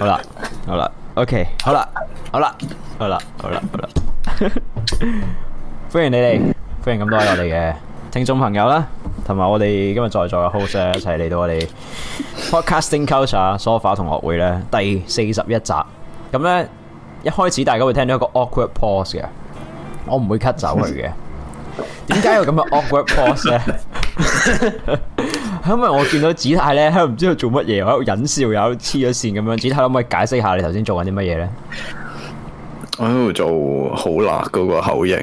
好啦，好啦，OK，好啦，好啦，好啦，好啦，好啦， 歡迎你哋，歡迎咁多位我哋嘅聽眾朋友啦，同埋我哋今日在座嘅 host 一齊嚟到我哋 Podcasting Culture Sofa 同學會咧第四十一集。咁咧一開始大家會聽到一個 awkward pause 嘅，我唔會 cut 走佢嘅。點解有咁嘅 awkward pause 咧？ 因為我見到子泰咧喺度唔知道做乜嘢，我喺度忍笑又黐咗線咁樣。子泰可唔可以解釋下你頭先做緊啲乜嘢咧？我喺度做好辣嗰個口型。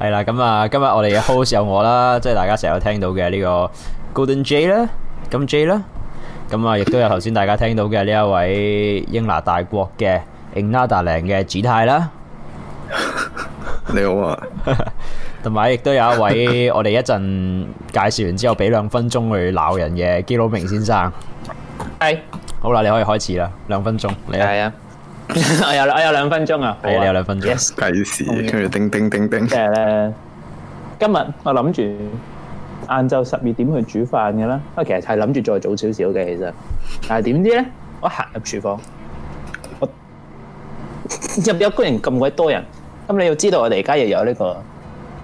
係啦，咁啊，今日我哋嘅 host 有我啦，即係大家成日有聽到嘅呢個 Golden J 啦，咁 J 啦，咁啊，亦都有頭先大家聽到嘅呢一位英納大國嘅 Inadaling 嘅子泰啦。你好啊。同埋亦都有一位，我哋一陣介紹完之後，俾兩分鐘去鬧人嘅基佬明先生。係，好啦，你可以開始啦，兩分鐘，你啊，係 啊，我有我有兩分鐘啊，你有兩分鐘，計、yes. 時，跟住叮，叮叮叮叮。即係咧，今日我諗住晏晝十二點去煮飯嘅啦，不過其實係諗住再早少少嘅，其實，但係點知咧，我行入廚房，我入入居然咁鬼多人，咁你要知道我哋而家又有呢、呢個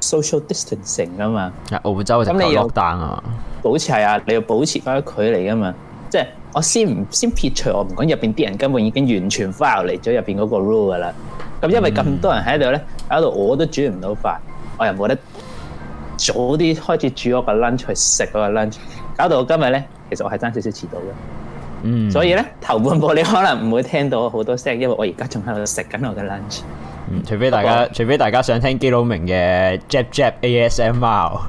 social distancing 噶嘛，澳洲就夠落蛋啊！保持係啊，你要保持翻距離噶嘛。即係我先唔先撇除我唔講入邊啲人根本已經完全 violate 咗入邊嗰個 rule 噶啦。咁因為咁多人喺度咧，喺度，嗯，我都煮唔到飯，我又冇得早啲開始煮我個 lunch 去食我個 lunch，搞到我今日咧其實我係爭少少遲到嘅。嗯，所以咧頭半部你可能唔會聽到好多聲，因為我而家仲喺度食緊我嘅 lunch。除非大家，除非大家想聽基佬明嘅 jap jap ASMR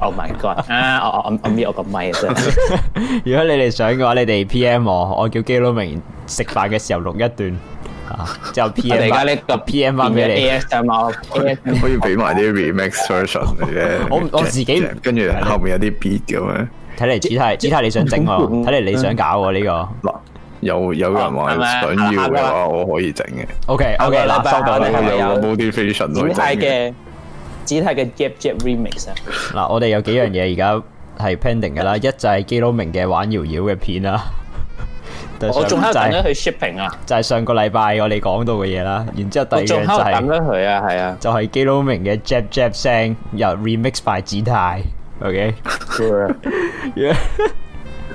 Oh my God！啊，我我我呢個麥啊， 如果你哋想嘅話，你哋 P M 我，我叫基佬明食飯嘅時候錄一段 啊，就 P M 我。我而家呢個 P M 翻俾你 ASMR 可以可以俾埋啲 remix version 嚟啫。我我自己跟住 後,後面有啲 beat 咁樣。睇嚟，只係只係你想整我，睇 嚟你想搞呢、 這個。有有人話想要嘅話，我可以整嘅。O K O K，嗱，收到，你係有個 motivation 咯。Gtai 嘅，Gtai 嘅 Jab Jab Remix 啊。嗱，我哋有幾樣嘢而家係 pending 嘅啦，一就係 Gilloming 嘅玩搖搖嘅片啦。我仲喺度等緊佢 shipping 啊！就係上個禮拜我哋講到嘅嘢啦。然之後第二樣就係，就係 Gilloming 嘅 Jab Jab 聲又 Remix byGtai。O K。好啊。Yeah.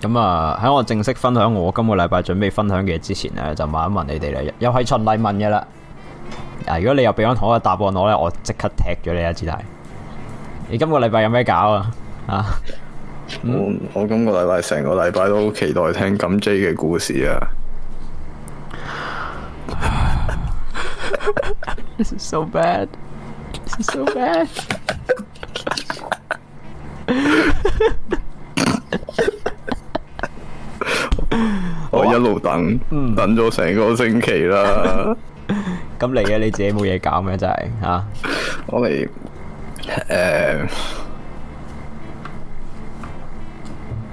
咁啊，喺我正式分享我今個禮拜準備分享嘅之前呢，就問一問你哋啦，又係循例問嘅啦。如果你又俾我同一個答案我呢，我即刻踢咗你啊！志大，你今個禮拜有咩搞啊？啊，我我今個禮拜成個禮拜都期待聽錦 J 嘅故事啊 ！This is so bad. This is so bad. 一路等，等咗成個星期啦。咁嚟嘅你自己冇嘢搞咩？真係吓，我嚟，誒，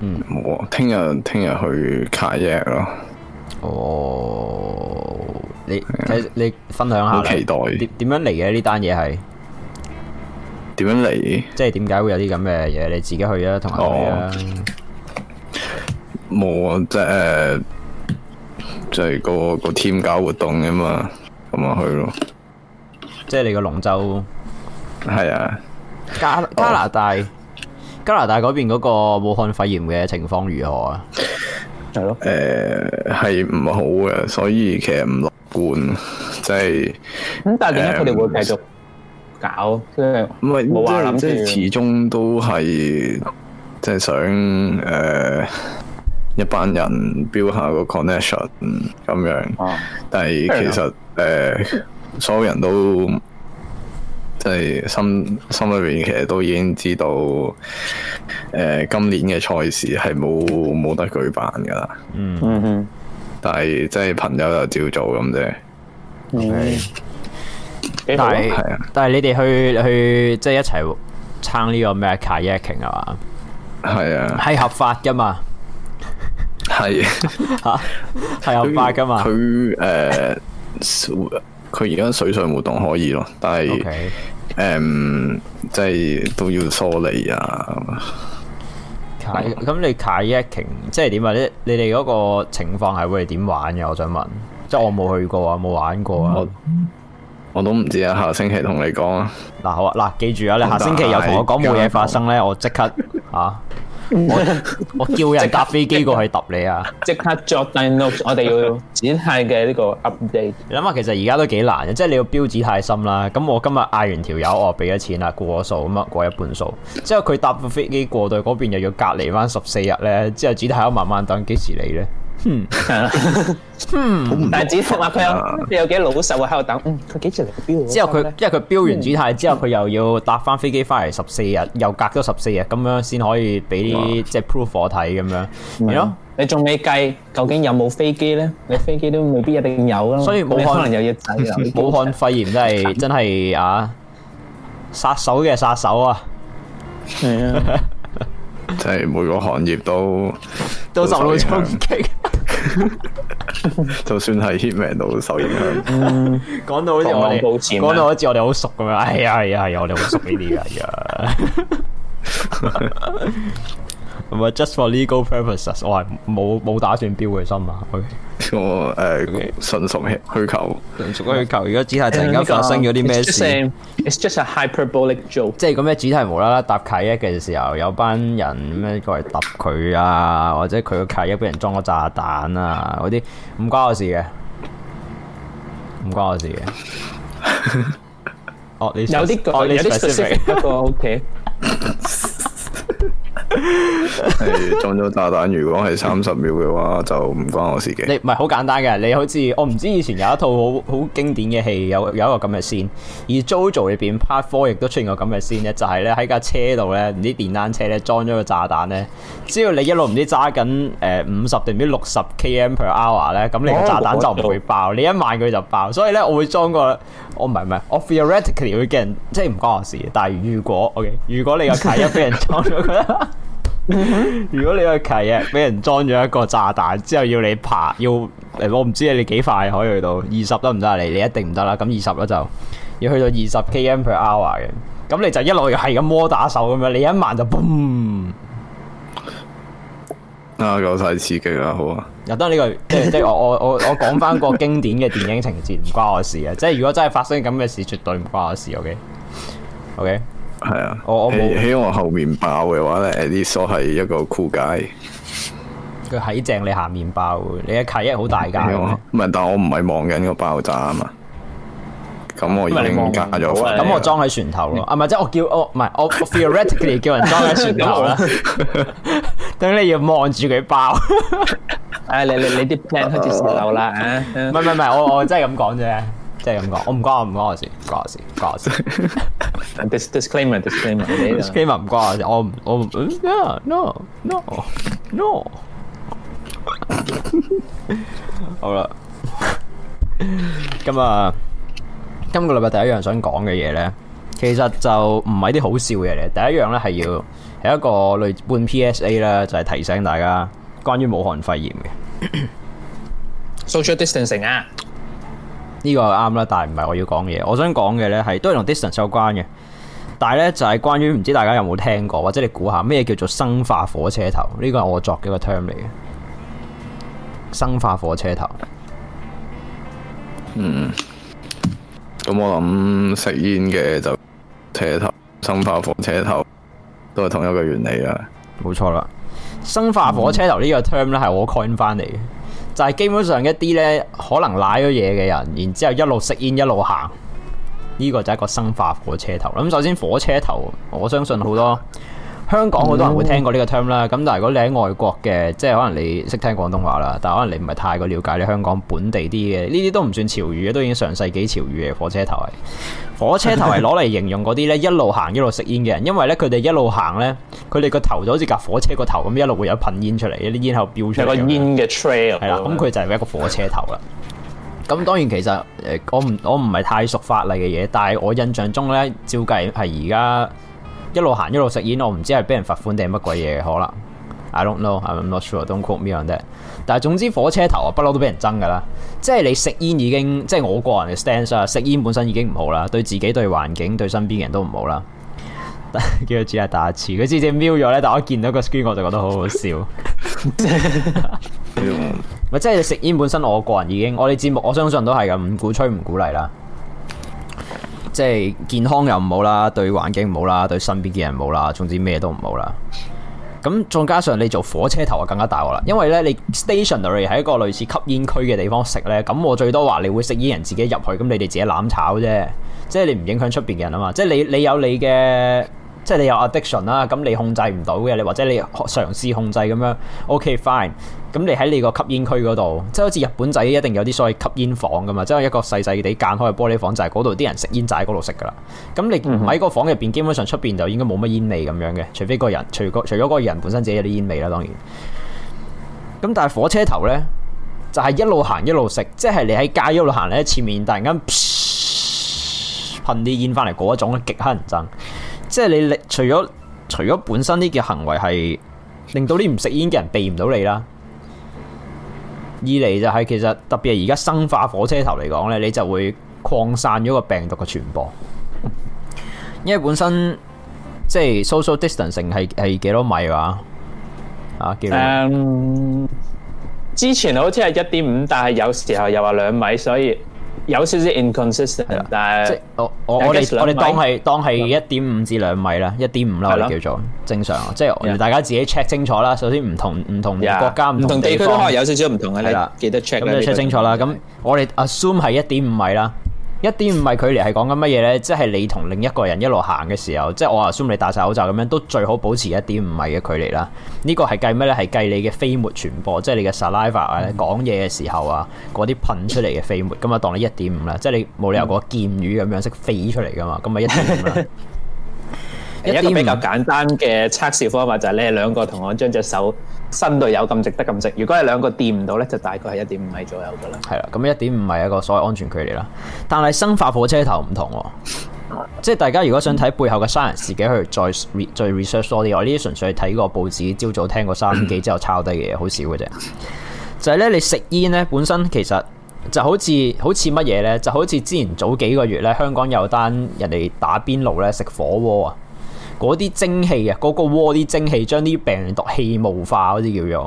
嗯，我聽日聽日去卡耶咯。哦，你、嗯、你分享下嚟，好期待點點樣嚟嘅呢單嘢係？點樣嚟？即係點解會有啲咁嘅嘢？你自己去啊，同埋哋啊。冇、哦、啊，即係。就係、是、個個添搞活動啊嘛，咁啊去咯。即係你個龍舟。係啊。加加拿大，哦、加拿大嗰邊嗰個武漢肺炎嘅情況如何啊？係咯。誒、呃，係唔好嘅，所以其實唔樂觀，即係。咁但係點解佢哋會繼續搞？即、呃、係冇話諗，即、就、係、是、始終都係即係想誒。呃一班人標下個 connection 咁樣，啊、但係其實誒、啊呃、所有人都即係心心裏面其實都已經知道誒、呃、今年嘅賽事係冇冇得舉辦噶啦。嗯嗯，但係即係朋友就照做咁啫、嗯 okay. 嗯。但係係啊，但係你哋去去即係一齊撐呢個 marcayaking 係、啊、嘛？係啊，係合法噶嘛？係吓，係有發噶嘛？佢、okay. 誒， 水佢而家水上活動可以咯，但係誒，即係都要梳理啊。咁你卡 i k 即係點啊？你你哋嗰個情況係會點玩嘅？我想問是，即係我冇去過啊，冇玩過啊，我都唔知啊。下星期同你講啊。嗱，好啊，嗱，記住啊，你下星期又同我講冇嘢發生咧，我即刻吓。 我我叫人搭飛機過去揼你啊！即 刻作低 note，我哋要剪蟹嘅呢個 update。你諗下，其實而家都幾難嘅，即係你要標紙太深啦。咁我今日嗌完條友，我俾咗錢啦，過咗數，咁啊過我一半數。之後佢搭部飛機過到嗰邊，邊又要隔離翻十四日咧。之後剪蟹，我慢慢等幾時嚟咧。嗯，但係子福話佢有佢有幾多老實啊喺度等，嗯，佢幾時嚟標？之後佢因為佢標完主題之後，佢又要搭翻飛機翻嚟，十四日，又隔咗十四日，咁樣先可以俾，即係 proof 我睇咁樣，係咯？你仲未計究竟有冇飛機咧？你飛機都未必一定有啦。所以武漢又要仔啊！武漢肺炎真係真係啊，殺手嘅殺手啊！即係每個行業都受都受到衝擊，就算係 hitman 都受影響。講、嗯、 到好似我哋，講、啊、到好似我哋好熟咁樣。哎呀，係啊係啊，我哋好熟呢啲呀。唔係 just for legal purposes，我係冇冇打算標佢心啊，OK，我誒純屬需求，純屬需求。而家主題即係而家發生咗啲咩事 It's just a hyperbolic joke. 即係咁嘅。主題無啦啦搭卡一嘅時候，有班人咁樣過嚟揼佢啊，或者佢個卡一俾人裝咗炸彈啊，嗰啲唔關我事嘅，唔關我事嘅。哦， 有啲、這個、有啲 specific，不過 OK 。裝 咗炸彈，如果係三十秒嘅話，就唔關我事嘅。你唔係好簡單嘅，你好似我唔知以前有一套好好經典嘅戲，有有一個咁嘅線。而《Jojo》入邊 Part Four 亦都出現過咁嘅線咧，就係咧喺架車度咧，唔知電單車咧裝咗個炸彈咧，只要你一路唔知揸緊誒五十定唔知六十 KM per hour 咧，咁、呃、你個炸彈就唔會爆。你一慢佢就爆，所以咧我會裝個，我唔係唔係，我 theoretically 會驚，即係唔關我事。但係如果 OK，如果你個卡一俾人裝咗佢。 如果你去契啊，俾人裝咗一個炸彈之後要你爬，要我唔知你幾快可以去到二十得唔得啊？你你一定唔得啦。咁二十啦，就要去到二十 km per hour 嘅。咁你就一路又係咁摩打手咁樣，你一慢就 boom 啊，夠晒刺激啦。好啊，又得。呢個即係、即係、我我我我講翻個經典嘅電影情節，唔關我事啊。即係如果真係發生咁嘅事，絕對唔關我事嘅 ok, okay? 係啊，哦、我我喺我後面爆嘅話咧，啲鎖係一個酷街，佢 喺樂正你下面爆，你嘅契係好大契。唔係，但我唔係望緊個爆炸啊嘛，咁 我已經加咗。咁我裝喺船頭咯，係咪？即係我叫我唔係我 feel ready 叫人裝喺船頭啦。 等你要望住佢爆。哎， 你你你啲 plan 開始泄漏我，啊！唔唔唔，我我真係咁講啫。即係咁講，我唔關我事，唔關我事，唔關我事，唔關我事。哈哈哈哈哈。Dis disclaimer，disclaimer，disclaimer，唔關我事，我我唔 no no no no。好啦，咁啊，今個禮拜第一樣想講嘅嘢咧，其實就唔係啲好笑嘅嘢嚟。第一樣咧係要係一個類半 PSA 啦，就係提醒大家關於武漢肺炎嘅 social distancing 啊。呢、這個啱啦，但係唔係我要講嘢。我想講嘅呢係都係同 distance 有關嘅，但係呢就係、是、關於唔知大家有冇聽過，或者你估下咩叫做生化火車頭？呢、這個係我作嘅一個 term 嚟嘅。生化火車頭。嗯。咁我諗食煙嘅就車頭，生化火車頭都係同一個原理啦。冇錯啦，生化火車頭呢個 term 呢、嗯、係我 coin 翻嚟嘅。就係、是、基本上一啲呢，可能賴咗嘢嘅人，然之後一路食煙一路行，呢、這個就係一個生化火車頭。咁首先火車頭，我相信好多。香港好多人會聽過呢個 term 啦，咁但係如果你喺外國嘅，即係可能你識聽廣東話啦，但係可能你唔係太過了解你香港本地啲嘅，呢啲都唔算潮語，都已經上世紀潮語嘅。火車頭係，火車頭係攞嚟形容嗰啲咧一路行一路食煙嘅人，因為咧佢哋一路行咧，佢哋個頭就好似架火車個頭咁，一路會有噴煙出嚟，啲煙後飆出嚟，有個煙嘅 trail，係啦，咁佢就係一個火車頭啦。咁 當然其實誒，我唔我唔係太熟法例嘅嘢，但係我印象中咧，照計係而家。一路行一路食煙，我唔知係俾人罰款定係乜鬼嘢好啦 I don't know，I'm not sure。Don't quote me on that。但係總之火車頭啊，不嬲都俾人憎噶啦。即係你食煙已經，即係我個人嘅 stance 啊，食煙本身已經唔好啦，對自己、對環境、對身邊嘅人都唔好啦。幾多次啊打一次，佢直接瞄咗咧，但我一見到個 screen 我就覺得好好笑。唔 係 即係食煙本身，我個人已經我哋節目我相信都係嘅，唔鼓吹唔鼓勵啦。即係健康又唔好啦，對環境唔好啦，對身邊嘅人唔好啦，總之咩都唔好啦。咁再加上你做火車頭啊，更加大鑊啦。因為呢，你 stationary 喺一個類似吸煙區嘅地方食呢。咁我最多話你會食煙人自己入去，咁你哋自己攬炒啫，即係你唔影響出邊嘅人啊嘛。即係你你有你嘅，即係你有 addiction 啦，咁你控制唔到嘅，你或者你嘗試控制咁樣，OK fine。咁你喺你個吸煙區嗰度，即係好似日本仔一定有啲所謂吸煙房㗎嘛，即係一個細細地間開嘅玻璃房，就係嗰度啲人食煙就喺嗰度食噶啦。咁你喺個房入邊，基本上出邊就應該冇乜煙味咁樣嘅，除非個人除除咗個人本身自己有啲煙味啦。當然，咁但係火車頭呢，就係一路行一路食，即係你喺街一路行咧，前面突然間噴啲煙翻嚟嗰一種，極乞人憎。即係你除咗除咗本身啲嘅行為係令到啲唔食煙嘅人避唔到你啦。二嚟，就係其實特別係而家生化火車頭嚟講呢，你就會擴散咗個病毒嘅傳播，因為本身即係 social distancing 係係、啊啊、幾多米話啊？Um, 之前好似係一點五，但係有時候又話兩米，所以。有少少 inconsistent，但係即係我我哋我哋當係當係一點五至兩米啦，一點五啦，我哋叫做正常，即係大家自己 check 清楚啦。首先唔同唔同國家唔同地區都有少少唔同嘅，你記得 check 咁 check 清楚啦。咁我哋 assume 係一點五米啦。一點五米距離係講緊乜嘢呢？即係你同另一個人一路行嘅時候，即係我啊，希望你戴晒口罩咁樣，都最好保持一點五米嘅距離啦。呢、呢個係計咩呢？係計你嘅飛沫傳播，即係你嘅 saliva 啊，講嘢嘅時候啊，嗰啲噴出嚟嘅飛沫，咁啊當你一點五啦。嗯、即係你冇理由個劍魚咁樣識飛出嚟噶嘛，咁咪一點五啦。 1. 一啲比較簡單嘅測試方法，就係你哋兩個同我將隻手伸到有咁，直得咁直。如果係兩個掂唔到咧，就大概係一點五米左右噶啦。係啦，咁一點五米係一個所謂安全距離啦。但係生化火車頭唔同、嗯，即係大家如果想睇背後嘅 science 自己去再 re，再 research 多啲。我呢啲純粹係睇個報紙，朝早聽個新聞之後抄低嘅嘢，好少嘅啫。就係咧，你食煙咧，本身其實就好似好似乜嘢咧，就好似之前早幾個月咧，香港有單人哋打邊爐咧食火鍋啊。嗰啲蒸氣啊，嗰、那個鍋啲蒸氣將啲病毒氣霧化，好似叫做然，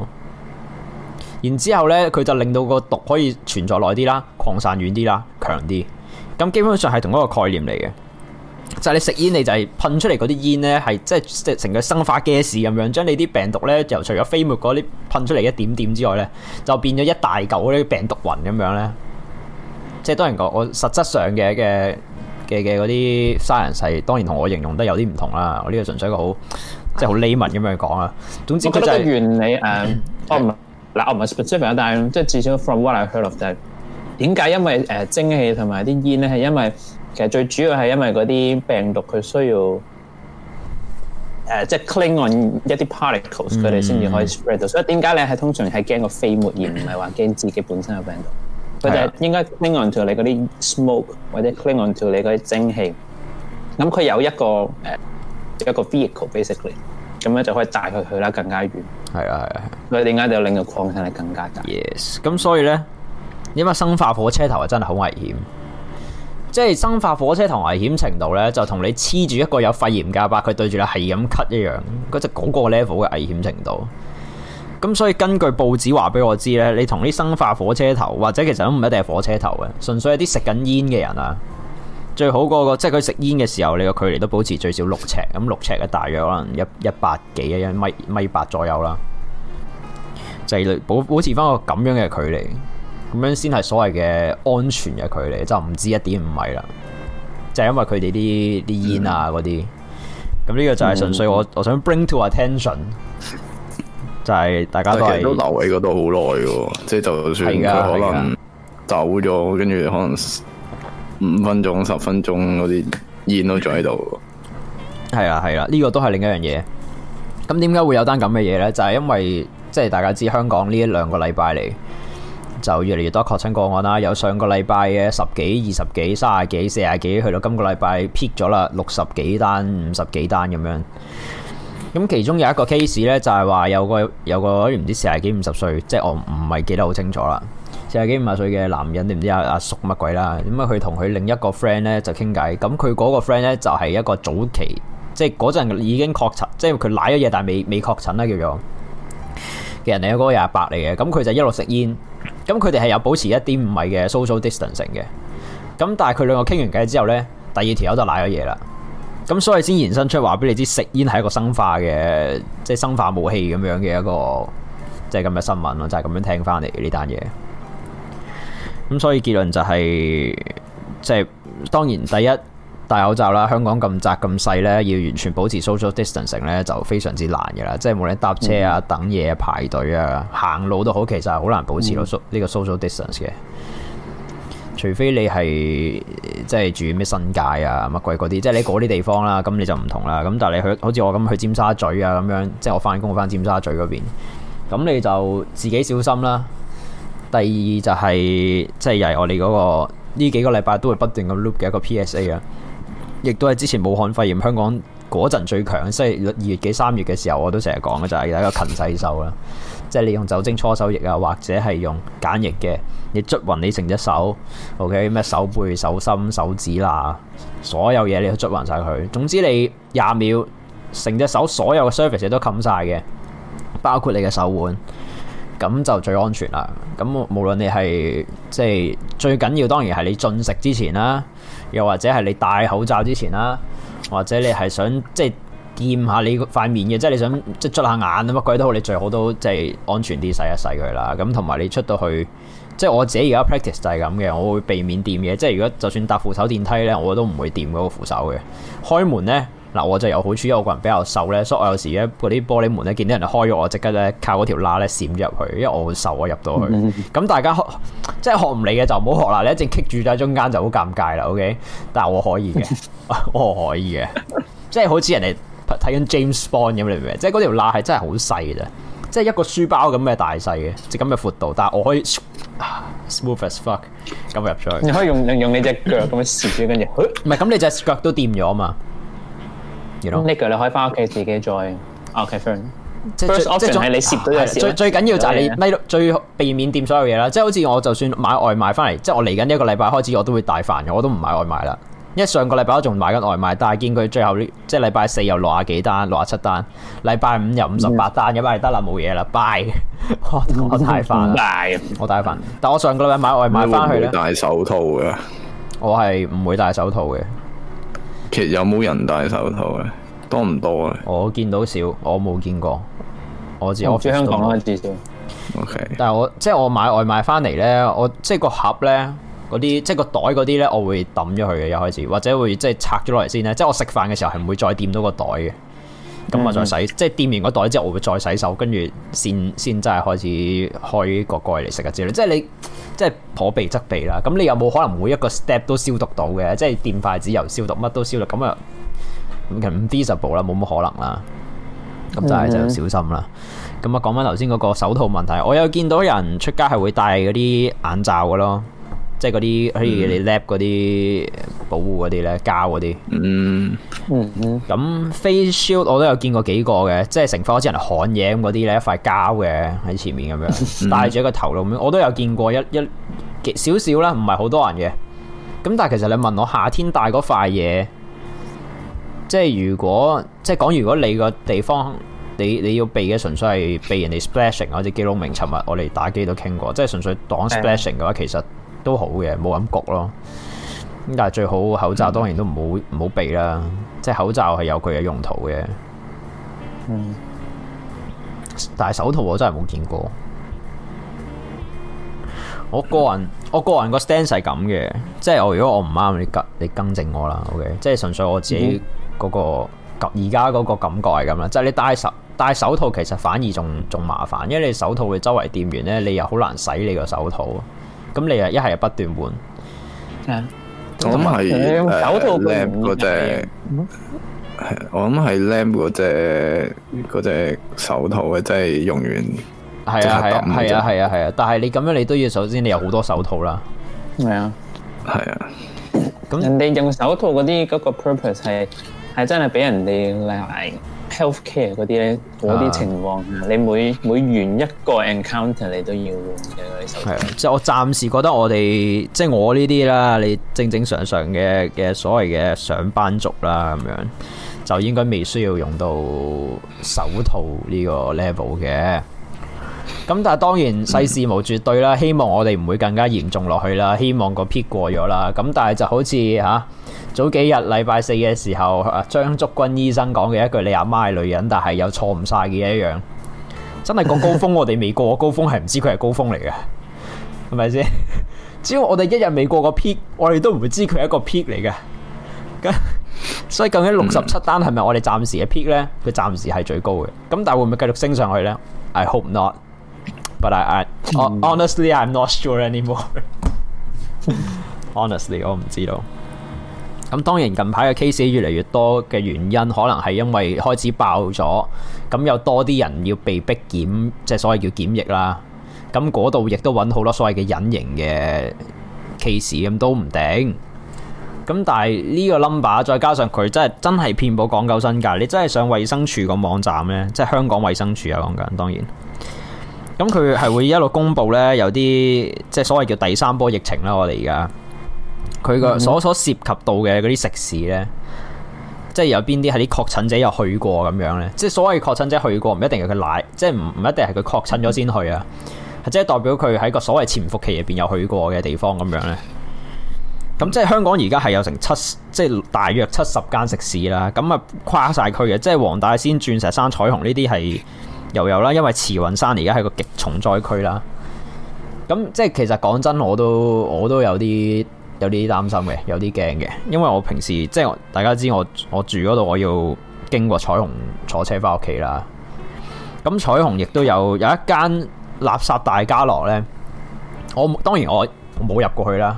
然之後咧佢就令到個毒可以存在耐啲啦，擴散遠啲啦，強啲。咁基本上係同一個概念嚟嘅，就係你食煙，你就係噴出嚟嗰啲煙呢，係即係即成個生化嘅事咁樣，將你啲病毒呢，由除咗飛沫嗰啲噴出嚟一點點之外呢，就變咗一大嚿啲病毒雲咁樣呢。即係當然講，我實質上嘅嘅。的嘅嘅嗰啲 science 係，當然同我形容得有啲唔同啦。我呢個純粹一個好即係好 layman 咁樣講啊。總之、就是，佢就係原理誒， 我唔嗱，我唔係 specific，但係即係至少 from what I heard of 就係點解因為誒、呃、蒸氣同埋啲煙咧，係因為其實最主要係因為嗰啲病毒佢需要誒、呃、即係 cling on 一啲 particles，佢哋先至可以 spread 到、嗯嗯。所以點解咧係通常係驚個飛沫而唔係話驚自己本身有病毒？佢、啊、就應該 cling on 住你嗰啲 smoke 或者 cling on 住你嗰啲蒸汽。咁佢有一個誒一個 vehicle basically，咁咧就可以帶佢去啦更加遠。係啊係啊，所以點解要令個擴散力更加大？Yes，咁所以咧，因為生化火車頭啊真係好危險，即係生化火車頭危險程度咧就同你黐住一個有肺炎嘅白，佢對住你係咁咳一樣，嗰隻嗰個 level 嘅危險程度。咁所以根據報紙話俾我知咧，你同啲生化火車頭或者其實都唔一定係火車頭嘅，純粹係啲食緊煙嘅人啊！最好，嗰個即係佢食煙嘅時候，你個距離都保持最少六尺咁，六尺嘅大約可能一一百幾一米米八左右啦，就係、是、保保持翻個咁樣嘅距離，咁樣先係所謂嘅安全嘅距離，就唔知一點五米啦，就係、是、因為佢哋啲啲煙啊嗰啲，咁呢個就係純粹我我想 bring to attention。就係、是，大家都係都留喺個度好耐嘅，即、就、係、是、就算佢可能走咗，跟住可能五分鐘、十分鐘嗰啲煙都仲喺度。係啊，係啊，呢、這個都係另一樣嘢。咁點解會有單咁嘅嘢呢？就係、是、因為即係、就是、大家知香港呢一兩個禮拜嚟就越嚟越多確診個案啦。有上個禮拜嘅十幾、二十幾、三十幾、四十幾，去到今個禮拜 pick 咗啦，六十幾單、五十幾單咁樣。咁其中有一個 case 咧，就係話有個有個唔知四十幾五十歲，即係我唔係記得好清楚啦。四十幾五十歲嘅男人，你唔知阿阿叔乜鬼啦。咁佢同佢另一個 friend 咧就傾偈，咁佢嗰個 friend 咧就係一個早期，即係嗰陣已經確診，即係佢瀨咗嘢，但係未未確診啦叫做嘅人嚟嘅嗰個阿伯嚟嘅。咁佢就一路食煙，咁佢哋係有保持一點五米嘅 social distancing 嘅。咁但係佢兩個傾完偈之後咧，第二條友就瀨咗嘢啦。咁所以先延伸出話俾你知食煙係一個生化嘅，即係生化武器咁樣嘅一個，即係咁嘅新聞咯，就係、是、咁樣聽翻嚟呢單嘢。咁所以結論就係、是，即、就、係、是、當然第一戴口罩啦。香港咁窄咁細咧，要完全保持 social distancing 咧，就非常之難嘅啦。即係無論搭車啊、嗯、等嘢、排隊啊、行路都好，其實係好難保持到呢 so,、嗯這個 social distance 嘅。除非你係即係住咩新界啊、乜鬼嗰啲，即係你嗰啲地方啦、啊，咁你就唔同啦。咁但係你去好似我咁去尖沙咀啊咁樣，即係我翻工我翻尖沙咀嗰邊，咁你就自己小心啦。第二就係即係又係我哋嗰、嗰個呢幾個禮拜都會不斷咁 loop 嘅一個 PSA 啊，亦都係之前武漢肺炎香港嗰陣最強，即係二月幾三月嘅時候，我都成日講嘅就係、是、一個勤洗手啦。即係你用酒精搓手液啊，或者係用梘液嘅，你捽勻你成隻手，OK 咩手背、手心、手指啦，所有嘢你都捽勻晒佢。總之你廿秒成隻手所有嘅 surface 都冚晒嘅，包括你嘅手腕，咁就最安全啦。咁無論你係即係最緊要，當然係你進食之前啦，又或者係你戴口罩之前啦，或者你係想即係。掂下你塊面嘅，即係你想即係捽下眼乜鬼都好，你最好都即係安全啲洗一洗佢啦。咁同埋你出到去，即係我自己而家 practice 就係咁嘅，我會避免掂嘢。即係如果就算搭扶手電梯咧，我都唔會掂嗰個扶手嘅。開門咧，嗱，我就有好處，因為我個人比較瘦咧，所以我有時咧嗰啲玻璃門咧，見到人哋開咗，我即刻咧靠嗰條罅咧閃入去，因為我瘦啊，入到去。咁大家即係學唔嚟嘅就唔好學啦，你一陣棘住咗喺中間就好尷尬啦。OK，但我可以嘅， 我可以嘅，即係好似人哋。睇緊 James Bond 咁，你明唔明？即係嗰條罅係真係好細咋，即係一個書包咁嘅大細嘅，即咁嘅闊度。但係我可以 smooth as fuck 咁入咗去。你可以用用你隻腳咁樣攝住，跟住唔係咁你隻腳都掂咗啊嘛？呢 you know? 腳你可以翻屋企自己再 OK first first option 係你攝到嘅事，啊。最最緊要就係你咪 最避免掂所有嘢啦。即係好似我就算買外賣翻嚟， 即係我嚟緊呢一個禮拜開始，我都會帶飯嘅，我都唔買外賣啦。因為上個禮拜我仲買緊外賣，但係見佢最後呢，即係禮拜四又六啊幾單，六啊七單，禮拜五又五十八單，咁咪得啦，冇嘢啦，拜， 我太煩，我太煩。但我上個禮拜買外賣翻去咧，戴手套嘅，我係唔會戴手套嘅。其實有冇人戴手套嘅？多唔多咧？我見到少，我冇見過，我知我住香港啦，至少。O、okay. K，但係我即係我買外賣翻嚟呢，我即係個盒呢。嗰啲即係個袋嗰啲咧，我會抌咗佢嘅。一開始或者會即係拆咗落嚟先咧。即係我食飯嘅時候係唔會再掂到個袋嘅。咁我再洗，mm-hmm. 即係掂完個袋之後，我會再洗手，跟住先先真係開始開個蓋嚟食啊之類。即係你即係可避則避啦。咁你有冇可能每一個 step 都消毒到嘅？即係掂筷子又消毒，乜都消毒咁啊？咁其實唔 feasible 啦，冇乜可能啦。咁就係就要小心啦。咁啊，講翻頭先嗰個手套問題，我有見到人出街係會戴嗰啲眼罩噶咯。即係嗰啲，譬如你 lab 嗰啲保護嗰啲咧，膠嗰啲。嗯咁、嗯、face shield 我都有見過幾個嘅，即係成夥好似人焊嘢咁嗰啲咧，一塊膠嘅喺前面咁樣，戴住一個頭套咁。我都有見過一一少少啦，唔係好多人嘅。咁但係其實你問我夏天戴嗰塊嘢，即係如果即係講如果你個地方你你要避嘅純粹係避人哋 splashing，好似基隆明尋日我哋打機都傾過，嗯、即係純粹擋 splashing 嘅話，其實，都好嘅，冇咁焗咯。咁但係最好口罩，當然都唔好唔好避啦。即係口罩係有佢嘅用途嘅。嗯。但手套我真係冇見過。我個人我個人個 stance 係咁嘅，即係我如果我唔啱，你更你更正我啦。OK，即係純粹我自己嗰個而家嗰個感覺係咁啦。即係你戴手戴手套，其實反而仲仲麻煩，因為你手套嘅周圍掂完咧，你又好難洗你個手套。咁你不斷換、呃換嗯、啊，一係不斷換，係啊，我諗係手套嗰隻，係我諗係 Lamb 嗰隻，嗰隻手套即係用完，係啊係啊係啊係啊係啊，但係你咁樣你都要首先你有好多手套啦，係啊，係啊，咁人哋用手套嗰啲嗰個 purpose 係係真係俾人哋嚟。healthcare 嗰啲咧，嗰啲情況、啊、你每每完一個 encounter，你都要換嘅嗰啲手套。即係我暫時覺得我哋，即、就、係、是、我呢啲啦，你正正常常嘅嘅所謂嘅上班族啦，咁樣就應該未需要用到手套呢個 level 嘅。咁但係當然世事無絕對啦，嗯、希望我哋唔會更加嚴重落去啦，希望個 peak 過咗啦。咁但係就好似嚇。啊。早幾日禮拜四嘅時候，張竹君醫生講嘅一句：你阿媽係女人，但係又錯唔晒嘅一樣。真係個高峰，我哋未過 高峰，係唔知佢係高峰嚟嘅，係咪先？只要我哋一日未過個 peak，我哋都唔會知佢係一個 peak 嚟嘅。咁 所以究竟六十七單係咪我哋暫時嘅 peak 咧？佢暫時係最高嘅。咁但係會唔會繼續升上去咧？I hope not. But I, I honestly I'm not sure anymore. Honestly，我唔知道。咁當然近排嘅 case 越嚟越多嘅原因，可能係因為開始爆咗，咁有多啲人要被逼檢，即係所謂叫檢疫啦。咁嗰度亦都揾好多所謂嘅隱形嘅 case，咁都唔定。咁但係呢個 number 再加上佢真係真係騙保講究新界，你真係上衛生署個網站呢，即係香港衛生署啊講緊，當然。咁佢係會一路公布呢，有啲即係所謂叫第三波疫情啦。我哋而家。佢個所所涉及到嘅嗰啲食肆呢，即係有邊啲係啲確診者有去過咁樣呢？即係所謂確診者去過，唔一定係佢奶，即係唔唔一定係佢確診咗先去啊，即係代表佢喺個所謂潛伏期入邊有去過嘅地方咁樣呢。咁即係香港而家係有成七，即係大約七十間食肆啦。咁啊跨晒區嘅，即係黃大仙、鑽石山、彩虹呢啲係又有啦。因為慈雲山而家係個極重災區啦。咁即係其實講真，我都我都有啲。有啲擔心嘅，有啲驚嘅，因為我平時即係大家知我我住嗰度，我要經過彩虹坐車翻屋企啦。咁彩虹亦都有有一間垃圾大家樂呢，我當然我冇入過去啦，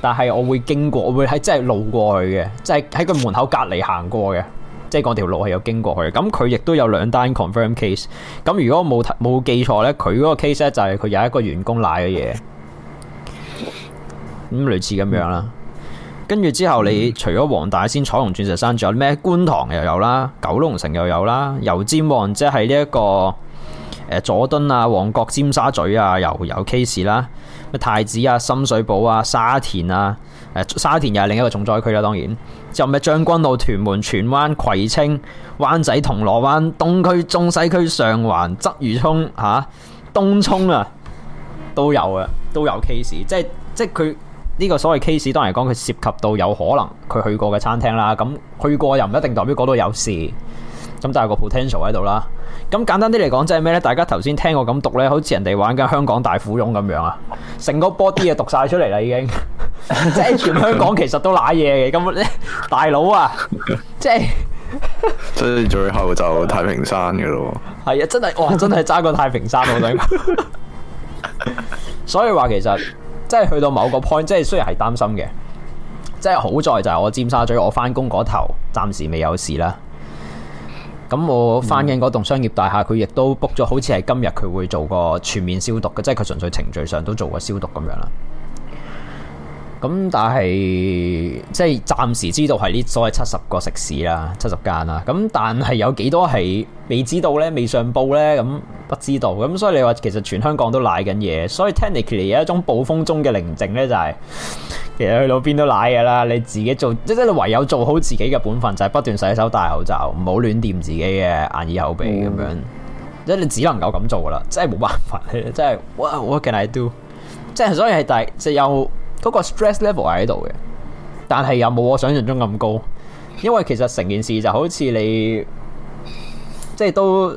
但係我會經過，我會喺即係路過去嘅，即係喺佢門口隔離行過嘅，即係嗰條路係有經過去。咁佢亦都有兩單 confirm case。咁如果我冇冇記錯呢，佢嗰個 case 呢，就係佢有一個員工賴嘅嘢。咁類似咁樣啦，跟住之後，你除咗黃大仙、彩虹鑽石山，仲有咩觀塘又有啦，九龍城又有啦，油尖旺即係呢一個誒佐敦啊、旺角尖沙咀啊，又有 case 啦，咩太子啊、深水埗啊、沙田啊，誒沙田又係另一個重災區啦，當然之後咩將軍澳、屯門、荃灣、葵青、灣仔、銅鑼灣、東區、中西區、上環、鰂魚涌吓東涌啊，都有啊，都有 case，即係即係佢。呢、這個所謂 case，當然講佢涉及到有可能佢去過嘅餐廳啦。咁去過又唔一定代表嗰度有事，咁但係個 potential 喺度啦。咁簡單啲嚟講，即係咩呢？大家頭先聽我咁讀呢，好似人哋玩緊香港大富翁咁樣啊！成個 body 嘢讀晒出嚟啦， 已經即係全香港其實都瀨嘢嘅。咁大佬啊， 即係即係最後就太平山嘅咯。係啊，真係哇，真係揸過太平山，我想。所以話其實。即係去到某個 point，即係雖然係擔心嘅，即係好在就係我尖沙咀我返工嗰頭，暫時未有事啦。咁我返緊嗰棟商業大廈，佢、嗯、亦都 book 咗，好似係今日佢會做個全面消毒嘅，即係佢純粹程序上都做過消毒咁樣啦。咁但係即係暫時知道係呢所謂七十個食肆啦，七十間啦。咁但係有幾多係未知道呢？未上報呢？咁不知道。咁所以你話其實全香港都賴緊嘢，所以 technically 有一種暴風中嘅寧靜呢，就係其實去到邊都賴噶啦。你自己做，即係即你唯有做好自己嘅本分，就係、是、不斷洗手、戴口罩，唔好亂掂自己嘅眼耳口鼻咁、嗯、樣。即、就、係、是、你只能夠咁做噶啦，真係冇辦法，即係。What can I do？即係所以係第即係有嗰個 stress level 係喺度嘅，但係又冇我想象中咁高，因為其實成件事就好似你即係都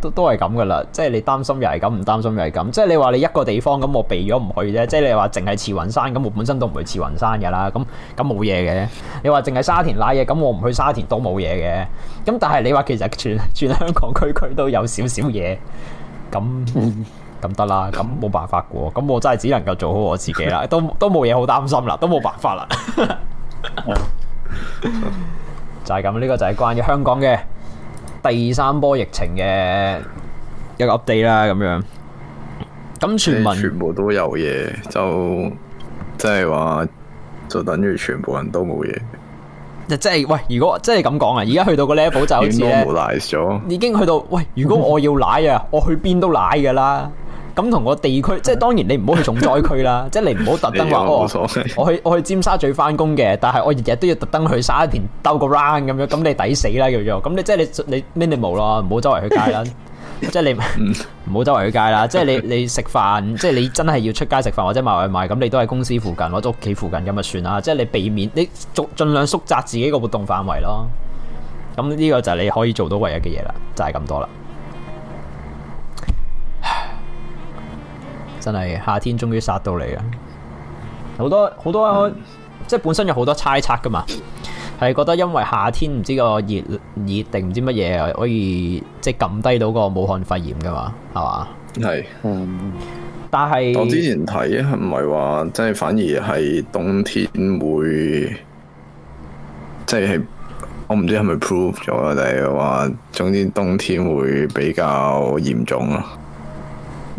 都都係咁噶啦，即係、哦、你擔心又係咁，唔擔心又係咁。即係你話你一個地方咁我避咗唔去啫，即係你話淨係慈雲山咁，我本身都唔去慈雲山噶啦，咁咁冇嘢嘅。你話淨係沙田瀨嘢咁，我唔去沙田都冇嘢嘅。咁但係你話其實全全香港區區都有少少嘢咁。 咁得啦，咁冇辦法噶喎，咁我真係只能夠做好我自己啦，都都冇嘢好擔心啦，都冇辦法啦。 就係咁，呢、這個就係關於香港嘅第三波疫情嘅一個 update 啦，咁樣。咁全民全部都有嘢，就即係話，就等於全部人都冇嘢。即係喂，如果即係咁講啊，而家去到個 level 就好似已經去到。喂，如果我要奶啊， 我去邊都奶噶啦。咁同個地區，即係當然你唔好去重災區啦。 即係你唔好特登話，我我去我去尖沙咀返工嘅，但係我日日都要特登去沙田兜個 round 咁樣，咁你抵死啦叫做。咁你即係你你 limit 咯，唔好周圍去街啦。 即係你唔好周圍去街啦。 即係你你食飯，即係你真係要出街食飯或者買外賣，咁你都喺公司附近或者屋企附近咁就算啦。即係你避免你盡量縮窄自己個活動範圍咯。咁呢個就係你可以做到唯一嘅嘢啦，就係、是、咁多啦。真係夏天終於殺到嚟啦！好多好多、嗯、即係本身有好多猜測噶嘛，係、嗯、覺得因為夏天唔知道唔知個熱熱定唔知乜嘢可以即係撳低到個武漢肺炎噶嘛，係嘛？係、嗯，但係我之前睇唔係話，即係反而係冬天會即係、就是、我唔知係咪 prove 咗定話，但總之冬天會比較嚴重咯。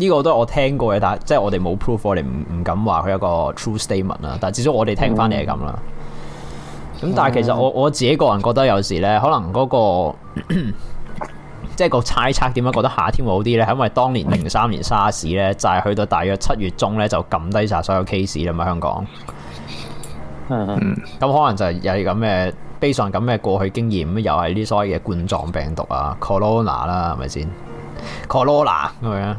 呢個都係我聽過嘅，但係即係我哋冇 proof，我哋唔唔敢話佢有個 true statement 啦。但係至少我哋聽翻嚟係咁啦。咁、嗯、但係其實我我自己個人覺得有時咧，可能嗰、那個咳咳即係個猜測點解覺得夏天會好啲咧，係因為當年零三年沙士咧，就係去到大約七月中咧就撳低晒所有 case 啦嘛，香港。嗯咁、嗯、可能就係有啲咁嘅悲傷咁嘅過去經驗，又係啲所謂嘅冠狀病毒啊，Corona 啦，係咪先？Corona 咁樣。Corona，.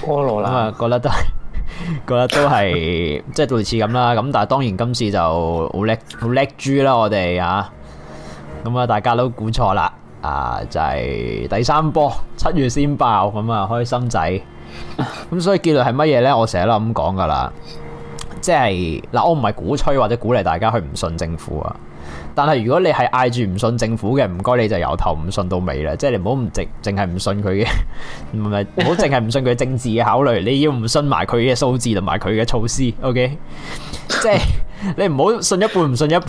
菠蘿啦，嗯，覺得都係，覺得都係，即係類似咁啦。咁但係當然今次就好叻，好叻豬啦，我哋啊，咁、嗯、啊，大家都估錯啦，啊，就係、是、第三波七月先爆，咁、嗯、啊，開心仔，咁、嗯、所以結論係乜嘢咧？我成日都咁講噶啦，即係嗱，我唔係鼓吹或者鼓勵大家去唔信政府啊。但係如果你係嗌住唔信政府嘅，唔該你就由頭唔信到尾啦，即係你唔好唔直淨係唔信佢嘅，唔係唔好淨係唔信佢政治嘅考慮，你要唔信埋佢嘅數字同埋佢嘅措施，OK？即 係你唔好信一半唔信一半，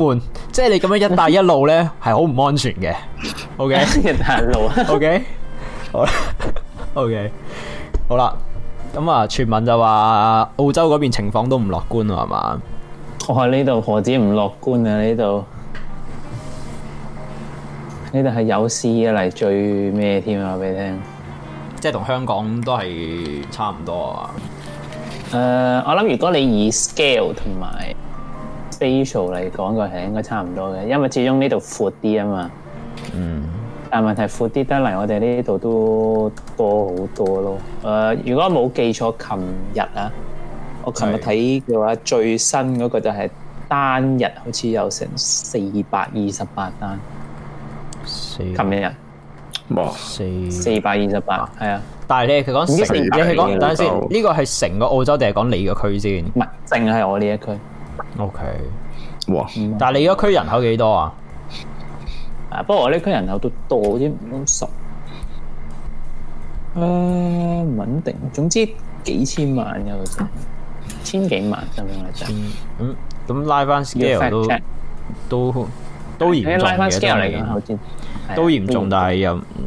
即、就、係、是、你咁樣一帶一路咧係好唔安全嘅，OK？一路 o k 好啦，OK？好啦，咁啊，傳聞就話澳洲嗰邊情況都唔樂觀，、哦、觀啊，係嘛？我喺呢度何止唔樂觀啊，呢度。呢度係有史以嚟最咩添啊！話俾你聽，即係同香港都係差唔多啊！誒、呃，我諗如果你以 scale 同埋 spatial 嚟講，個係應該差唔多嘅，因為始終呢度闊啲啊嘛。嗯。但問題闊啲得嚟，我哋呢度都多好多咯。誒、呃，如果冇記錯，琴日啊，我琴日睇嘅話，最新嗰個就係單日好似有成四百二十八單。琴日日，四四百二十八，係啊！但係你佢講，你你佢講，等陣先。呢個係成個澳洲定係講你個區先？唔係，淨係我呢一區。O、okay. K，哇！但係你嗰區人口幾多啊？啊，不過我呢區人口都多啲，唔熟。誒、啊，唔穩定，總之幾千萬嘅、啊，千幾萬咁、就是、樣嚟計。咁咁拉翻 scale 都都都嚴重嘅，真係。都嚴重，嗯、但係又、嗯嗯、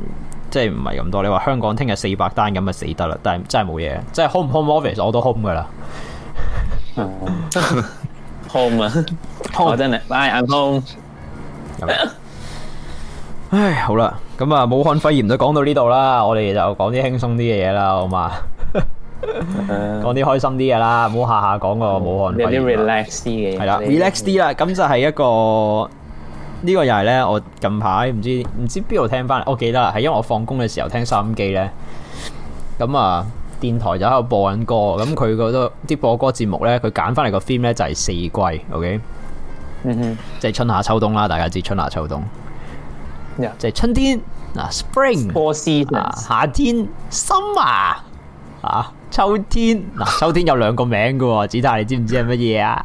即係唔係咁多。你話香港聽日四百單咁咪死得啦？但係真係冇嘢，即係 home home office 我都 home 噶啦。home 啊 ，home, home.Oh, 真係，bye，I'm home。 唉，好啦，咁啊，武漢肺炎都講到呢度啦，我哋就講啲輕鬆啲嘅嘢啦，好嘛？講 啲、uh, 開心啲嘅啦，唔好下下講個武漢肺炎。有啲 relax 啲嘅嘢。係啦，relax 啲啦，咁 little... 就係一個。這個、呢個又係咧，我近排唔知唔知邊度聽翻嚟，我記得啦係因為我放工嘅時候聽收音機咧，咁啊電台就喺度播緊歌，咁佢嗰度啲播歌節目咧，佢揀翻嚟個 theme 咧就係四季，O K，嗯哼，即、okay? 係、mm-hmm. 春夏秋冬啦，大家知春夏秋冬，即、yeah. 係春天嗱、啊、，spring，Four seasons、啊，嗱夏天 summer，啊秋天嗱、啊、秋天有兩個名嘅， 子泰你知唔知係乜嘢啊？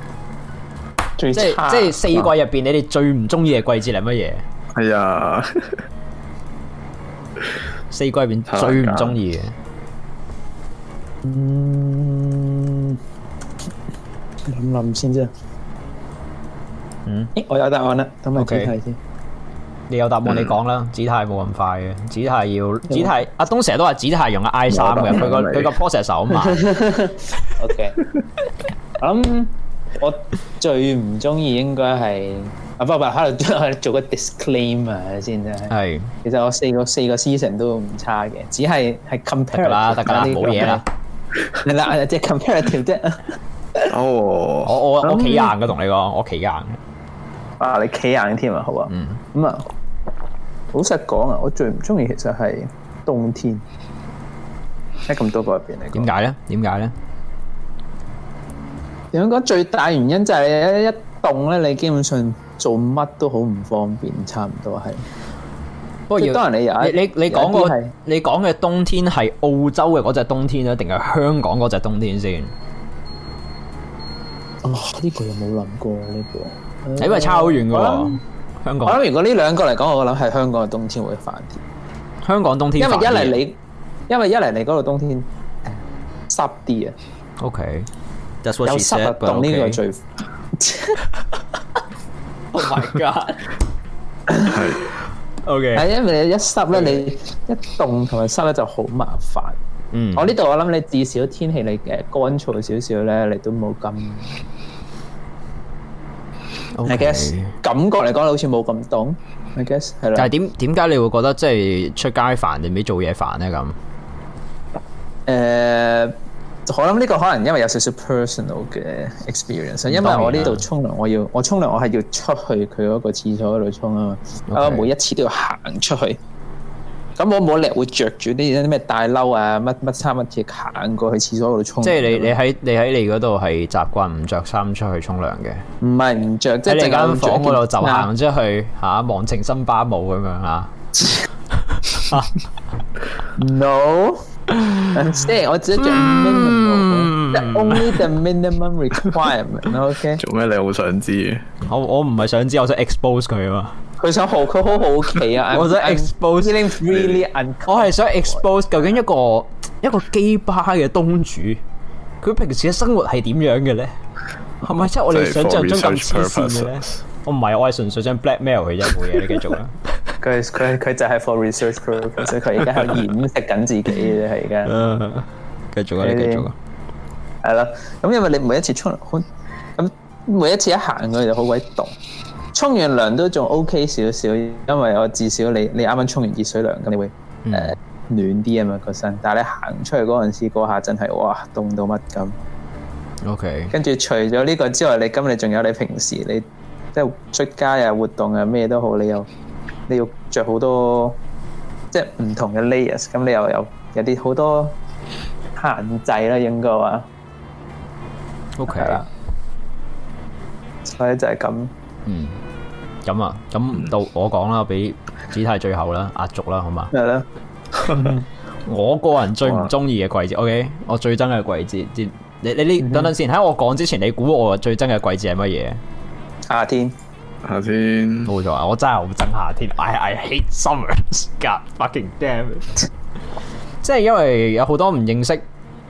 即係即係四季入邊，你哋最唔中意嘅季節係乜嘢？係啊，四季入邊最唔中意嘅，嗯諗諗先啫。嗯，我有答案啦。咁、嗯、啊，紫太先。Okay. 你有答案你講啦，紫太冇咁快嘅，紫太要紫太阿東成日都話紫太用嘅 I 三嘅，佢、那個佢個 process 啊嘛。O K，咁。 我最唔中意應該係，阿伯伯喺度做個 disclaim 啊先真係。係，其實我四個四個 season 都唔差嘅，只係係 compare 啦，得噶冇嘢啦。嗱，即係 comparative 哦，我我我企硬嘅同你講，我企硬嘅、um。啊，你企硬添啊，好啊。嗯。咁、嗯、啊，老實講啊，我最唔中意其實係冬天。喺咁多個入邊，點解咧？點解咧？點講最大原因就係一凍咧，你基本上做乜都好唔方便，差唔多係。不過當然有你，你，你說過你你講個你講嘅冬天係澳洲嘅嗰隻冬天咧，定係香港嗰隻冬天先？呢、啊這個又冇諗過呢、這個，因為差好遠噶喎。香港，我諗如果呢兩個嚟講，我諗係香港嘅冬天會煩啲。香港冬天，因為一嚟你，因為一嚟你嗰個冬天濕啲啊。O、嗯、K。Said, 有濕又凍呢個最煩 ，Oh my god！係 ，OK。係因為你一濕咧，okay. 你一凍同埋濕咧就好麻煩。嗯，我呢度我諗你至少天氣你嘅乾燥少少咧，你都冇咁。Okay. I guess 感覺嚟講，好似冇咁凍。I guess 係啦。但係點點解你會覺得即係出街煩定比做嘢煩咧咁？誒、uh。我諗呢個可能因為有少少 personal 嘅 experience，因為我呢度沖涼我要我沖涼我係要出去佢嗰個廁所嗰度沖啊嘛，啊、Okay. 每一次都要行出去，咁我冇力會着住啲啲咩大褸啊乜乜衫乜嘢，行過去廁所嗰度沖。即係你你喺你喺你嗰度係習慣唔着衫出去沖涼嘅？唔係唔着，即係你間房嗰度就行出去吓，忘、啊啊、情深巴舞咁樣吓。啊、 No。即係我只係做 minimum，the only the minimum requirement，OK？做咩你好想知？我我唔係想知，我想 expose 佢啊嘛！佢想好，佢好好奇啊！我想 expose，really？我係想 expose 究竟一個一個基巴嘅東主，佢平時嘅生活係點樣嘅咧？係咪即係我哋想象中咁黐線嘅咧？我唔係，我係純粹想 blackmail 佢啫，冇嘢你繼續啦。佢佢就係 for research purpose 所以佢而家喺掩飾緊自己啫，係而家。嗯，繼續啦、啊，你繼續、啊。係咯，咁因為你每一次沖涼，咁每一次一行佢就好鬼凍。沖完涼都仲 OK 少少，因為我至少你你啱啱沖完熱水涼，咁你會誒、嗯呃、暖啲啊嘛個身。但係你行出去嗰陣時，嗰下真係哇凍到乜咁。OK。跟住除咗呢個之外，你今日仲有你平時你即係出街啊、活動啊咩都好，你又～你要着好多即係唔同嘅 layers，咁你又有有啲好多限制啦，應該話。O K，所以就係咁。嗯，咁啊，咁唔到我講啦，俾子太最後啦，壓 軸啦，好嘛？係啦。我個人最唔中意嘅季節，O K，我最憎嘅季節。你你呢？等等先，喺我講之前，你估我最憎嘅季節係乜嘢？夏、啊、天。夏天冇錯啊！我真係好憎夏天，I I hate summer. God fucking damn it! 即係因為有好多唔認識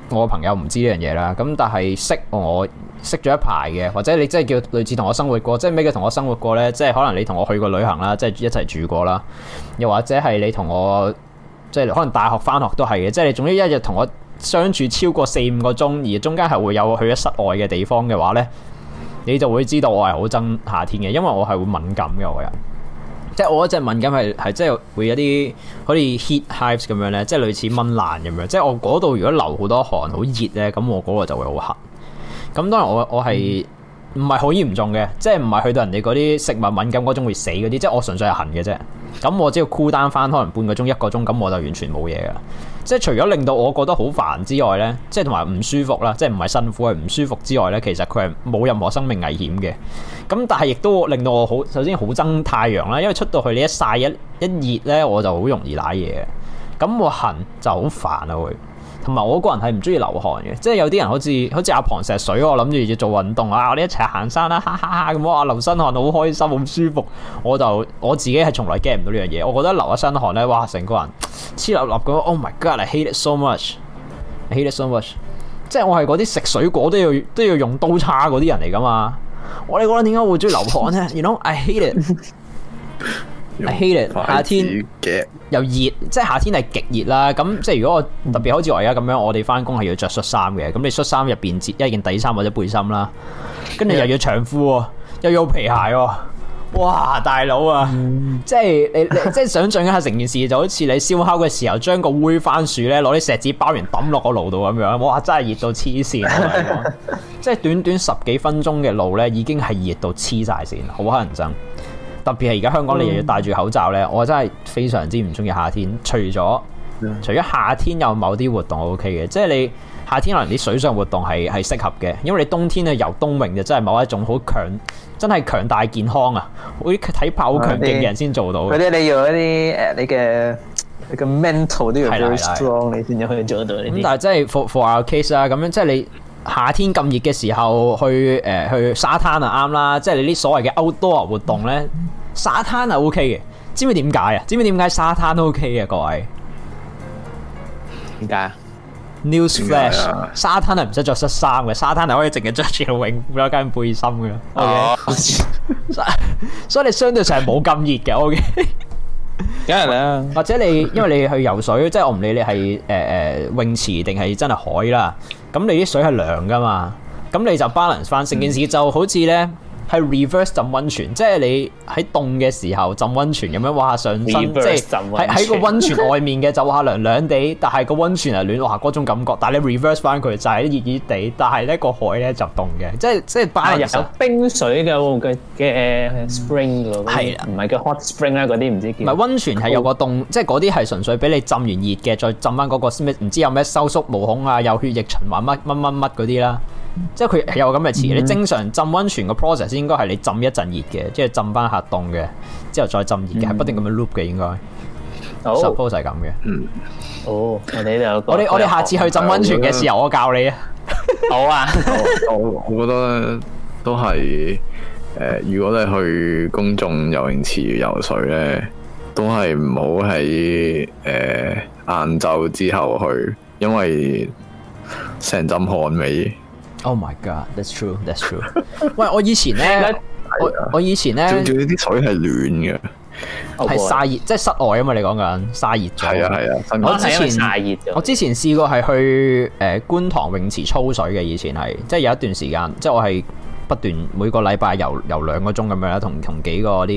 我朋友唔知呢樣嘢啦，咁但係識我，我識咗一排嘅，或者你真係叫類似同我生活過，即係咩叫同我生活過呢？即係可能你同我去過旅行啦，即係一齊住過啦，又或者係你同我即係可能大學翻學都係嘅，即係你總之一日同我相處超過四五個鐘，而中間係會有去咗室外嘅地方嘅話呢。你就會知道我係好憎夏天嘅，因為我係會敏感嘅我個人，即係我嗰隻敏感係係即係會有啲好似 heat hives 咁樣咧，即係類似蚊爛咁樣。即係我嗰度如果流好多汗、好熱咧，咁我嗰個就會好痕。咁當然我我係唔係好嚴重嘅，即係唔係去到人哋嗰啲食物敏感嗰種會死嗰啲。即係我純粹係痕嘅啫。咁我只要 cool down 翻可能半個鐘一個鐘，咁我就完全冇嘢㗎啦。即係除咗令到我覺得好煩之外咧，即係同埋唔舒服啦，即係唔係辛苦係唔舒服之外咧，其實佢係冇任何生命危險嘅。咁但係亦都令到我好，首先好憎太陽啦，因為出到去你一曬一一熱咧，我就好容易攋嘢。咁我痕就好煩啊會。同埋我個人係唔中意流汗嘅，即係有啲人好似好似阿龐石水，我諗住要做運動啊，我哋一齊行山啦，啊，哈哈哈！咁，啊、我流身汗好開心，好舒服。我就我自己係從來 get 唔到呢樣嘢，我覺得流一身汗咧，哇，成個人黐笠笠咁，Oh my god，I hate it so much，hate it so much。即係我係嗰啲食水果都要都要用刀叉嗰啲人嚟㗎嘛？覺得我哋講點解會中意流汗啫？You know，I hate it。係 heat 嚟，夏天又熱，即係夏天係極熱啦。咁即係如果我特別好似我而家咁樣，我哋翻工係要着恤衫嘅。咁你恤衫入邊接一件底衫或者背心啦，跟住又要長褲，又要皮鞋。哇，大佬啊，嗯、即係你，你即係想象一下成件事，就好似你燒烤嘅時候，將個煨番薯咧攞啲錫紙包完抌落個爐度咁樣。哇，真係熱到黐線，即 係短短十幾分鐘嘅路咧，已經係熱到黐晒線，好乞人憎。特別係而家香港你又要戴住口罩咧、嗯，我真係非常之唔中意夏天。除咗、嗯、除咗夏天有某啲活動 O K 嘅，即係你夏天可能啲水上活動係係適合嘅，因為你冬天啊游冬泳就真係某一種好強，真係強大健康看啊，會體魄好強勁嘅人先做到嘅。嗰啲你要一啲誒你嘅你嘅 mental 都要 very strong，你先至可以做到呢啲。咁但係即係 for for our case 啊，咁樣即係你。夏天咁熱嘅時候去誒、呃、去沙灘啊，啱啦，即係你啲所謂嘅 outdoor 活動咧，沙灘係 O K 嘅，知唔知點解啊？知唔知點解沙灘 O K 嘅？各位，點解啊？News flash，沙灘係唔使着恤衫嘅，沙灘係可以淨係着住泳褲、着緊背心嘅。哦、啊，okay? 所以你相對上係冇咁熱嘅。O K，梗係啦。或者你因為你去游水，即 係我唔理你係誒誒泳池定係真係海啦。咁你啲水係涼噶嘛？咁你就 balance 翻，成件事就好似咧。係 reverse 浸溫泉，即係你喺凍嘅時候浸溫泉，咁樣滑下上身，即係喺喺個溫泉外面嘅就話涼涼地，但係個溫泉係暖落下嗰種感覺。但係你 reverse 翻佢就係熱熱地，但係咧、個海咧就凍嘅，即係即係、啊。但、啊、入冰水嘅嘅嘅 spring 係啦，唔係叫 hot spring 啦，嗰啲唔知叫。唔係溫泉係有個凍，oh. 即係嗰啲係純粹俾你浸完熱嘅，再浸翻嗰、個，唔知有咩收縮毛孔啊，有血液循環乜乜乜乜嗰啲啦。什麼什麼什麼即係佢有咁嘅詞，你正常浸温泉個 process 應該係你浸一陣熱嘅，即係浸翻下凍嘅，之後再浸熱嘅，係不定咁、oh. 樣 loop 嘅應該，suppose 就係咁嘅。嗯，哦，我哋我哋下次去浸温泉嘅時候，我教你啊。 好啊，我 我覺得都係誒、呃，如果你去公眾游泳池游水咧，都係唔好喺誒晏晝之後去，因為成浸汗味。Oh my god! That's true. That's true. 喂，我以前呢？ 我我以前呢？仲要啲水係暖嘅，係曬熱，oh、即係室外啊嘛。你講緊曬熱咗，係啊係啊。我之前曬熱，我之前試過係去誒、呃、觀塘泳池操水嘅。以前係即係有一段時間，即係我係不斷每個禮拜游游兩個鐘咁樣同同幾個啲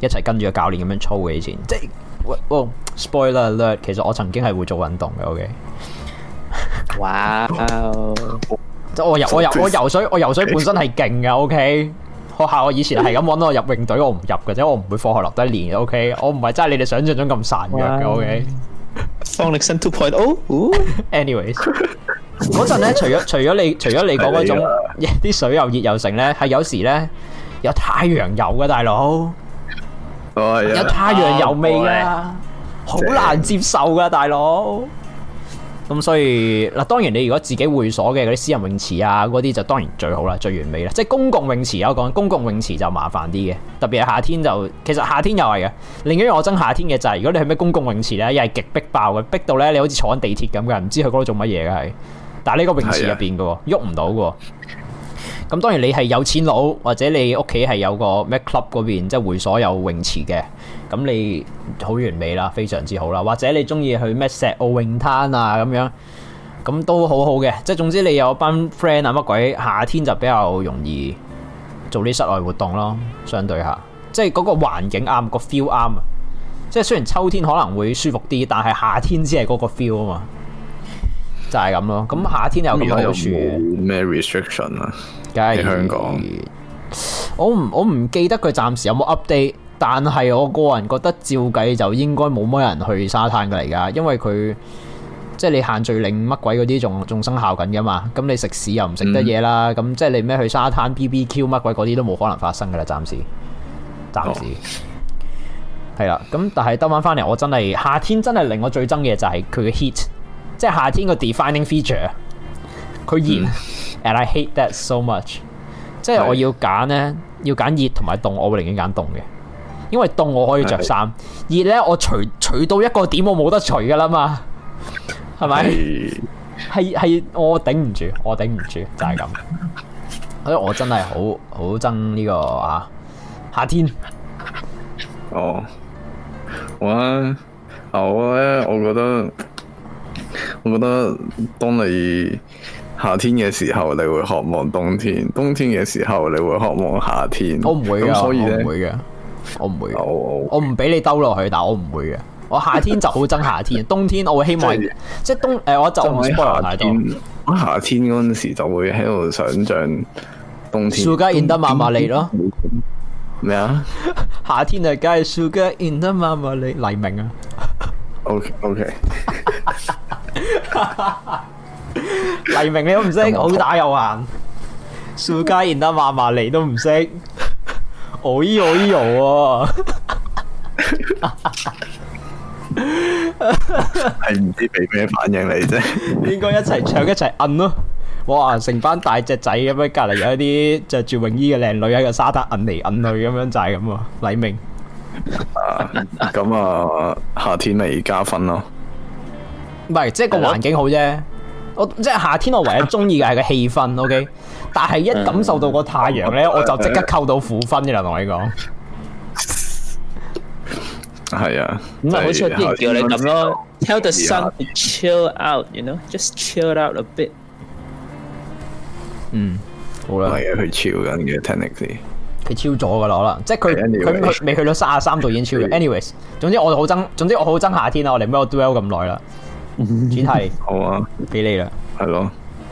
一齊跟住個教練咁樣操嘅。以前即係，哇、哦、spoiler alert，其實我曾經係會做運動嘅。OK，哇、wow. 我游我游我游水我游水本身係勁嘅，O K。學、OK? 校 我以前係咁搵我入泳隊我唔入嘅，啫，我唔會放學落低練，O K。OK? 我唔係真係你哋想象中咁孱弱嘅，O K。Onix a Two Point O，Anyways，嗰陣咧，除咗除咗你，除咗你講嗰種啲 水又熱又剩咧，係有時咧有太陽油嘅大佬，有太陽油,、oh yeah. 油味啊，好、oh、難接受噶大佬。咁所以嗱，當然你如果自己會所嘅嗰啲私人泳池啊，嗰啲就當然最好啦，最完美啦。即係公共泳池有講，公共泳池就麻煩啲嘅，特別係夏天就，其實夏天又係嘅。另一樣我憎夏天嘅就係、是，如果你去咩公共泳池咧，又係極逼爆嘅，逼到咧你好似坐緊地鐵咁嘅，唔知去嗰度做乜嘢嘅係。但係呢個泳池入邊嘅喎，喐唔到嘅喎。咁當然你係有錢佬，或者你屋企係有個咩 club 嗰邊，即、就、係、是、會所有泳池嘅。咁你好完美啦，非常之好啦。或者你中意去咩石澳泳灘啊咁樣，咁都好好嘅。即係總之你有班 friend 啊乜鬼，夏天就比較容易做啲室外活動咯。相對下，即係嗰個環境啱，個 feel 啱啊。即係雖然秋天可能會舒服啲，但係夏天先係嗰個 feel 啊嘛。就係、是、咁咯。咁夏天有咁多好處？咩 restriction 啊？梗係香港，我唔我唔記得佢暫時有冇 update。但係我個人覺得照計就應該冇乜人去沙灘嘅嚟㗎，因為佢即係你限聚令乜鬼嗰啲仲仲生效緊㗎嘛。咁你食屎又唔食得嘢啦。咁、嗯、即係你咩去沙灘 BBQ 乜鬼嗰啲都冇可能發生㗎啦。暫時，暫時係啦。咁、oh. 但係得翻返嚟，我真係夏天真係令我最憎嘅就係佢嘅 heat，即係夏天個 defining feature。佢、嗯、熱，and I hate that so much。即係我要揀呢，要揀熱同埋凍，我會寧願揀凍嘅。因為凍，我可以着衫，熱咧我除除到一個點，我冇得除噶啦嘛，係咪？係係我頂唔住，我頂唔住就係、是、咁。所以我真係好好憎呢個啊夏天哦。我啊我咧，我覺得我覺得當你夏天嘅時候，你會渴望冬天；冬天嘅時候，你會渴望夏天。我唔會嘅，所以我唔會嘅。我唔會、oh, okay. 我唔俾你兜落去，但係我唔會嘅。我夏天就好憎夏天， 冬天我會希望，即係冬誒、呃，我就唔中意夏天。夏天嗰陣時就會喺度想象冬天。Sugar in the Marmalade 咯，咩啊？夏天就梗係 Sugar in the Marmalade 黎明啊。OK, OK，黎明你都唔識，好打有限，Sugar in the Marmalade 都唔識。 我咦，我咦，有喎，係唔知俾咩反應你啫？ 應該一齊唱一齊摁咯！哇，成班大隻仔咁樣，隔籬有一啲着住泳衣嘅靚女喺個沙灘摁嚟摁去咁、就是、樣就係咁啊！黎明，啊咁啊，夏天嚟加分咯？唔係，即係個環境好啫。我，我即係夏天，我唯一中意嘅係個氣氛。O K。但係一感受到個太陽咧，uh, 我就即刻扣到負分嘅啦，同、uh, 你講。係啊，咁啊，好似係啲人叫你咁咯 ？Tell the sun to chill out，you know，just chill out a bit。嗯，好啦，係啊佢超緊嘅，technically。佢超咗噶啦，可能即係佢佢未去到卅三度已經超咗。Anyways，總之我好憎，總之我好憎夏天啦，我哋唔好 dwell 咁耐啦。嗯、um,，主題。好啊，俾你啦。係咯。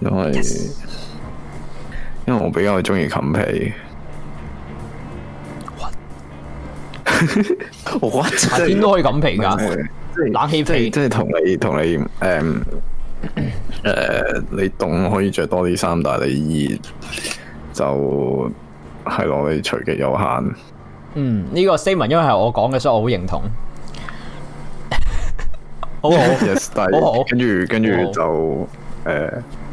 因為因為我比較中意冚被，我覺得夏天都可以冚被㗎，冷氣被即係同你同你誒誒、嗯呃，你凍可以着多啲衫，但係你熱就係、是、講你隨機有限。嗯，呢、這個 Steven 因為係我講嘅，所以我好認同。 好好跟住跟住就誒。 后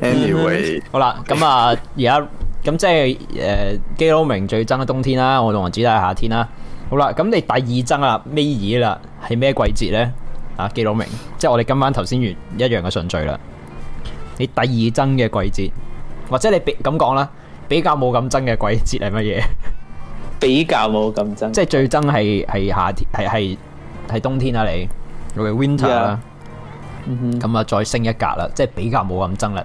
Anyway， 好啦，咁啊，而家咁即係誒，基佬明最憎嘅冬天啦，我同王子係夏天啦。好啦，咁你第二憎啦，尾二啦，係咩季節咧？啊，基佬明，即係我哋今晚頭先完一樣嘅順序啦。你第二憎嘅季節，或者你比咁講啦，比較冇咁憎嘅季節係乜嘢？比較冇咁憎，即係最憎係係夏天，係係係冬天啊！你，winter 啦，咁啊，yeah。嗯、再升一格啦，即係比較冇咁憎啦。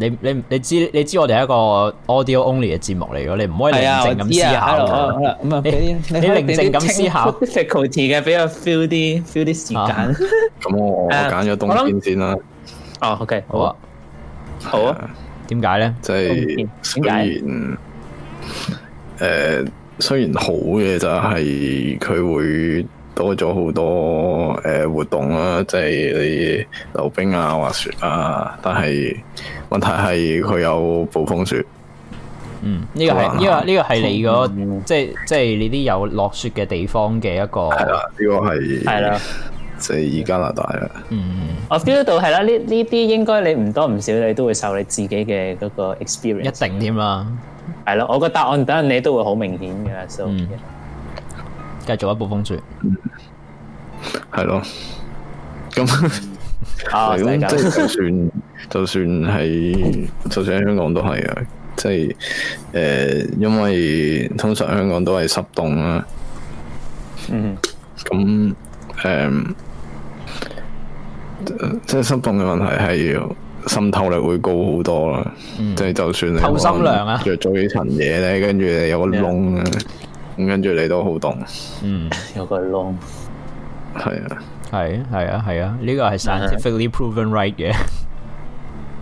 你你你知你知我哋係一個 audio only 嘅節目嚟嘅，你唔可以寧靜咁思考。係啊，我知啊，咁啊，你你寧靜咁思考 s e 嘅，俾、啊、我 feel 啲 feel 啲時間。咁我我揀咗冬天先啦。哦 OK 好啊，好啊。點解咧？即、啊、係、就是、雖然誒、呃，雖然好嘅就係、是、佢會。多咗好多誒、呃、活動啦，即係你溜冰啊、滑雪啊，但係問題係佢有暴風雪。嗯，呢、這個係因為呢個係、這個、你嗰、嗯、即係即係你啲有落雪嘅地方嘅一個。係、嗯、啦，呢、這個係係啦，即係而加拿大啦。嗯，嗯，我 feel 到係啦，呢呢啲應該你唔多唔少你都會受你自己嘅嗰個 experience。一定添啦，係咯，我個答案等下你都會好明顯嘅啦，所以。繼續一部風雪，係咯，咁 啊，咁 即係就算， 就算喺，就算喺香港都係啊，即係誒、呃，因為通常香港都係濕凍啦，嗯，咁誒、呃，即係濕凍嘅問題係滲透率會高好多啦，即、嗯、係就算你透心涼啊，着咗幾層嘢咧，跟住有個窿啊。嗯 yeah. 跟住你都好凍。嗯，有個窿。係啊。係啊，係啊，係啊，呢個係 scientifically proven right 嘅。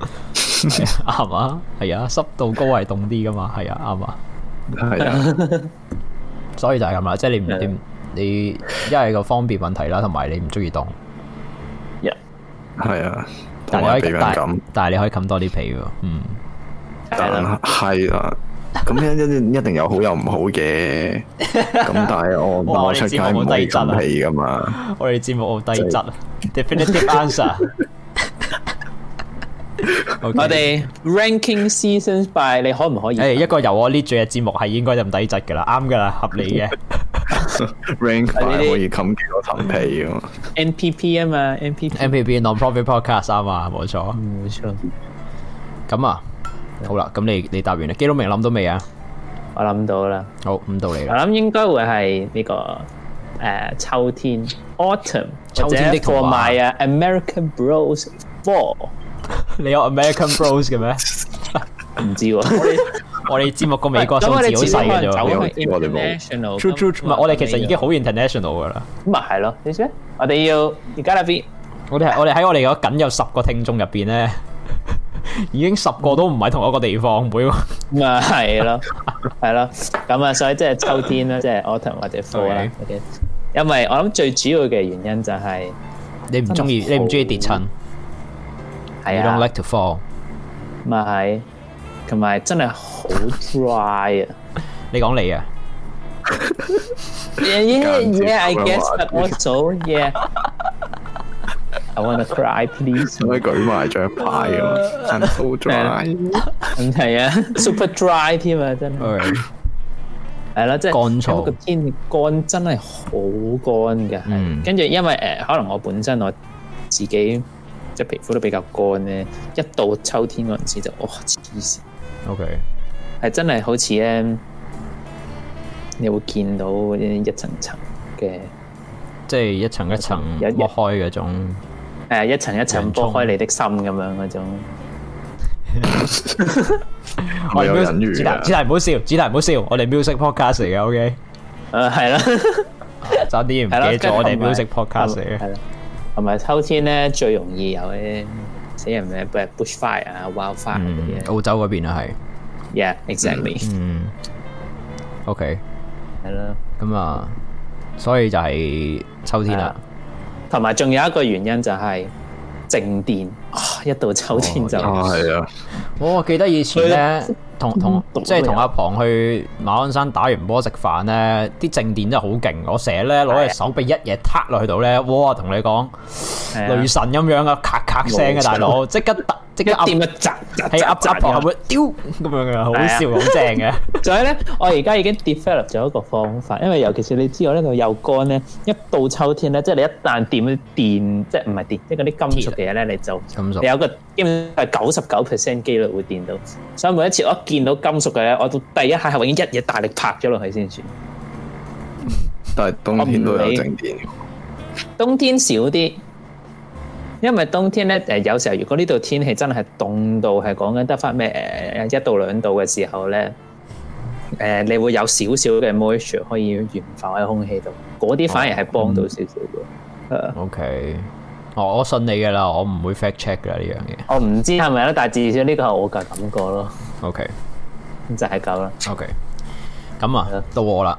啱啊。係啊，濕度高係凍啲噶嘛，係啊，啱啊。係啊。 所以就係咁啊，即係你唔掂，你一係個方便問題啦，同埋你唔中意凍。一。係啊。但係可以，但係你可以冚多啲被喎。嗯。係啊。咁樣一一定有好有唔好嘅，咁但係我我出街唔會冚皮噶嘛。我哋節目好低質啊。Definitive answer。我哋 ranking seasons by 你可唔可以？誒，一個由我 lead 住嘅節目係應該就唔低質噶啦，啱噶啦，合理嘅。Rank 可以冚住我層皮噶嘛。NPP 啊嘛，NPP NPP non-profit podcast 啊嘛，冇錯。冇錯。咁啊。好啦，咁你你答完啦，Gtai、明諗到未啊？我諗到啦。好，五道理。我諗應該會係呢、這個誒、呃、秋天，autumn 秋天的或者或埋 American Bros 4？ 你有 American Bros 嘅咩？唔 知道、啊？ 我哋們節 目個美國數字好細嘅啫， 不 而已而已我哋冇、啊。唔我哋其實已經好 international 噶啦。咁咪係咯？點、就、算、是？我哋要而家邊？我哋我哋喺我哋嗰僅有十個聽眾入邊咧。 已經十個都唔喺同一個地方，會喎。咁啊，係咯，係咯。咁啊，所以即係秋天咧，即係 autumn 或者 fall。因為，我諗最主要嘅原因就係你唔中意，你唔中意跌親。係啊。You don't like to fall。咪係，同埋真係好 dry 啊！你講你啊？Yeah, yeah, I guess, but I'm so yeah. I want to cry, please。可以舉埋獎牌噶嘛？真係、就是、好 dry，唔係啊，super dry 添啊，真、嗯、係。係啦，即係乾燥個天乾真係好乾嘅，跟住因為誒，可能我本身我自己即係、就是、皮膚都比較乾咧，一到秋天嗰陣時就哇，黐線。OK，係真係好似咧，你會見到一層層嘅，即、就、係、是、一層一層剝開嗰種。誒，一層一層剝開你的心咁樣嗰種。我有忍住啊！子達，子達唔好笑，子達唔好笑，我哋 music podcast 嘅，OK。誒，係啦，差啲唔記得咗我哋 music podcast 嘅。係啦，同埋秋天咧最容易有啲，死人咩？不係 Bushfire 啊，Wildfire 嗰啲。澳洲嗰邊啊，係。Yeah, exactly. 嗯。Okay。係啦。咁啊，所以就係秋天啦。同埋仲有一個原因就係靜電，啊，一到秋天就係啊、哦哦！我記得以前咧，同同即係同阿龐去馬鞍山打完波食飯咧，啲靜電真係好勁，我成日咧攞隻手臂一嘢揦落去度咧，哇！同你講雷神咁樣啊，咔咔聲嘅大佬，即刻 即刻掂個集，喺揼集旁係會丟咁樣嘅，好笑好正嘅。 所以咧，我而家已經 develop 咗一個方法， 因為尤其是你知我呢度又乾咧，一到秋天咧，即、就、係、是、你一旦掂到電，即係唔係電，即係嗰啲金屬嘅嘢咧，你就你有個基本係九十九 percent 機率會電到。所以每一次我一見到金屬嘅咧，我都第一下係永遠一嘢大力拍咗落去先算。但係冬天都有靜電，冬天少啲。因為冬天咧，誒、呃，有時候如果呢度天氣真係凍到係講緊得翻咩誒，一到兩度嘅時候咧，誒、呃，你會有少少嘅 moisture 可以懸浮喺空氣度，嗰啲反而係幫到少少嘅。哦嗯啊、o、okay, K，、哦、我信你噶、okay, okay, 啊 yeah, 啦，我唔會 fact check 噶呢樣嘢。我唔知係咪啦，但係至少呢個係我嘅感覺咯。O K，就係夠啦。O K，咁啊，到我啦。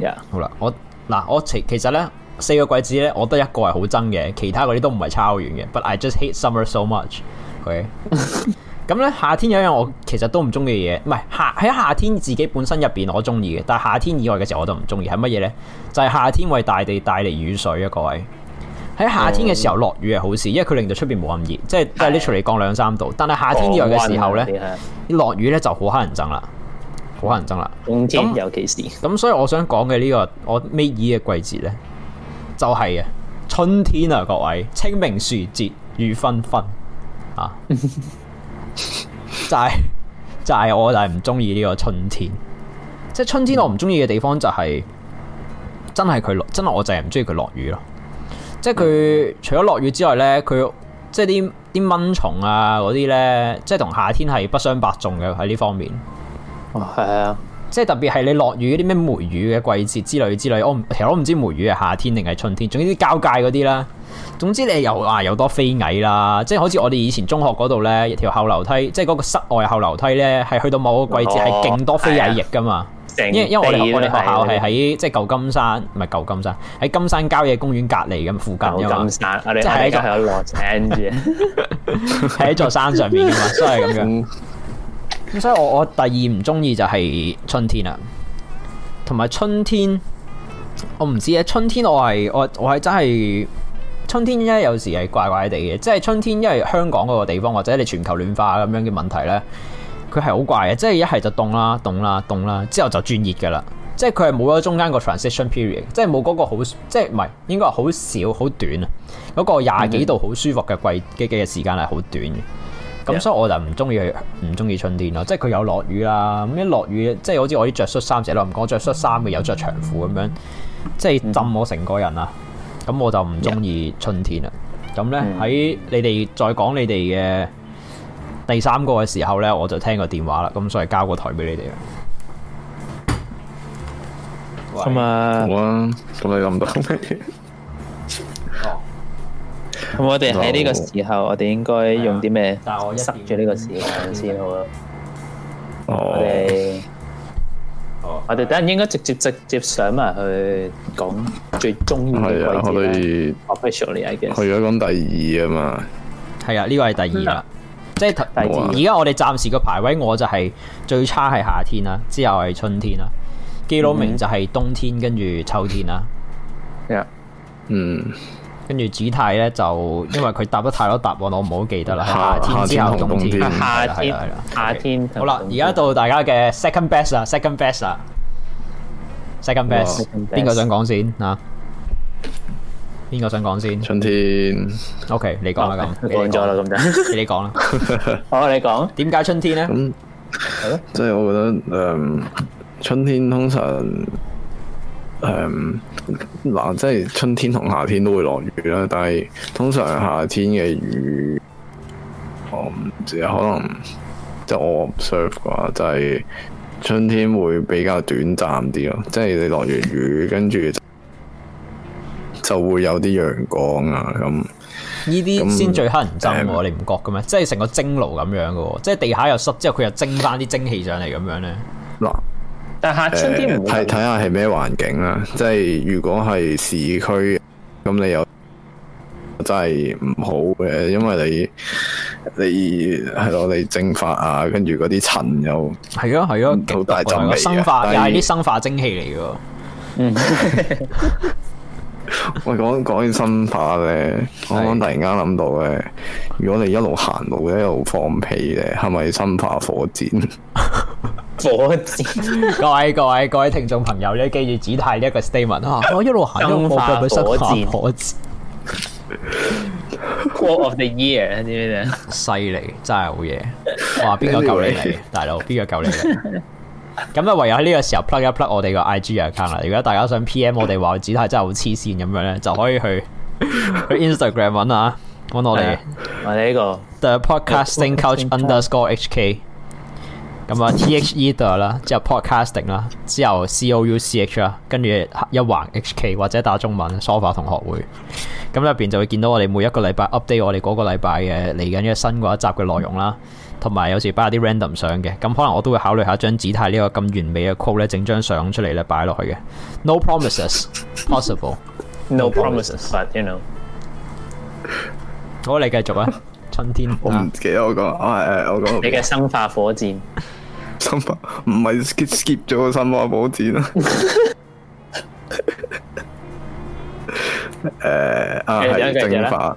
呀，好啦，我嗱我其其實咧。四個季節咧，我得一個係好憎嘅，其他嗰啲都唔係差好遠嘅。But I just hate summer so much okay? OK，咁咧，夏天有一樣我其實都唔中意嘅嘢，唔係夏，喺夏天自己本身入邊我中意嘅，但係夏天以外嘅時候我都唔中意。係乜嘢咧？就係、是、夏天為大地帶嚟雨水啊，各位喺夏天嘅時候落雨係好事，因為佢令到出邊冇咁熱，即係 literally 降兩三度。是但係夏天以外嘅時候咧，落雨咧就好乞人憎啦，好乞人憎啦。咁尤，咁，所以我想講嘅呢個我尾二嘅季節咧。就係、是、啊，春天啊，各位清明時節雨紛紛啊， 就係就係我，就係唔中意呢個春天。即、就、係、是、春天，我唔中意嘅地方就係、是，真係佢落，真係我就係唔中意佢落雨咯。即係佢除咗落雨之外呢，佢即係啲啲蚊蟲啊嗰啲呢，即係同夏天係不相伯仲嘅喺呢方面。係、哦、啊。即係特別係你落雨嗰啲咩梅雨嘅季節之類之類，我唔其實我唔知梅雨係夏天定係春天，總之啲交界嗰啲啦。總之你又啊有多飛蟻啦，即係好似我哋以前中學嗰度咧，條後樓梯即係嗰個室外後樓梯咧，係去到某個季節係勁多飛蟻翼噶嘛。因為因為我哋我哋學校係喺即係舊金山，唔係舊金山，喺金山郊野公園隔離咁附近嘅嘛。金山我哋喺舊喺一座山上面嘛， 所以係咁樣。 咁所以我我第二唔中意就係春天啦，同埋春,春天我唔知嘅春天我係我我係真係春天一有時係怪怪地嘅，即係春天因為香港嗰個地方或者你全球暖化咁樣嘅問題咧，佢係好怪嘅，即係一係就凍啦凍啦凍啦之後就轉熱噶啦，即係佢係冇咗中間個 transition period，即係冇嗰個好即係唔係應該話好少好短啊嗰個廿幾度好舒服嘅季嘅嘅時間係好短嘅。咁所以我就唔中意唔中意春天咯。即係佢有落雨啦，咁一落雨，即係好似我啲着恤衫者啦，唔講着恤衫嘅有着長褲咁樣，即係浸我成個人啊！咁我就唔中意春天啦。咁咧喺你哋再講你哋嘅第三個嘅時候咧，我就聽個電話啦。咁所以交個台俾你哋。好、嗯、啊，咁、嗯、你咁多。咁我哋喺呢個時候，oh. 我哋應該用啲咩？但、yeah. 我塞住呢個時間先好啊、oh. 我哋，我哋等陣應該直接直接上埋去講最中意嘅位置啦。係、yeah, 啊，講第二啊嘛。係、yeah. 啊，呢個係第二啦。即係第二。而家我哋暫時個排位，我就係最差係夏天啦，之後係春天啦，Gtai、Ming 就係冬天、mm. 跟住秋天啦。係啊。嗯。跟住主題咧，就因為佢答得太多答案，我唔好記得啦。夏天、冬天、夏天，冬天、係啦，夏天，okay, 夏天，冬天 okay, 好啦，而家到大家嘅 second best 啦，second best 啦，second best，邊、哦、個想講先啊？邊個想講先？春天。O、okay, K，你講啦咁。講咗啦咁就，你講啦。好，你講。點解春天咧？咁係，咯，即、就、係、是、我覺得，嗯，春天通常。誒，嗱，即係春天同夏天都會落雨啦，但係通常夏天嘅雨，我唔知可能即係我唔舒服 e 就係、係、春天會比較短暫啲咯，即係你落完雨，跟住就，就會有啲陽光啊，咁呢啲先最乞人憎，你唔覺嘅咩？即係成個蒸爐咁樣嘅，即係地下又濕，之後佢又蒸翻啲蒸汽上嚟，咁樣咧嗱。但夏天啲唔係睇下係咩環境啦，嗯，即係如果係市區，咁你又真係唔好嘅，因為你你係我哋蒸發啊，跟住嗰啲塵又係咯係咯，好大陣味生化，又係啲生化蒸氣嚟噶。嗯 我講講起生化咧，我剛剛突然間諗到咧，如果你一路行路一路放屁咧，係咪生化火箭？ 火箭！各位各位各位聽眾朋友咧，記住只係呢一個 statement 啊！我一路行一路放，係咪生化火箭 Call of the year？啲咩犀利，真係好嘢！哇，邊個救你嚟，大佬？邊個救你？ 咁啊，唯有喺呢個時候 plug 一 plug 我哋個 I G account 啦。如果大家想 P M 我哋話主題真係好黐線咁樣咧，就可以去去 Instagram 揾下，揾我哋。我哋呢個 The Podcasting Couch Underscore HK 那麼。咁 啊，T H E 啦，之後 Podcasting 啦，之後 C O U C H 啦，跟住一橫 H K 或者打中文，Sofa 同學會。咁入邊就會見到我哋每一個禮拜 update 我哋嗰個禮拜嘅嚟緊嘅新嗰一集嘅內容啦。同埋有，有時擺啲 random 相嘅，咁可能我都會考慮一下一張紫太呢個咁完美嘅 quote 咧，整張相出嚟咧擺落去嘅。No promises possible，no。No promises, but you know。好，你繼續啊。春天。我唔記得我講，我係誒我講。你嘅生化火箭。生化唔係 skip 咗個生化火箭 啊。誒、hey, 啊，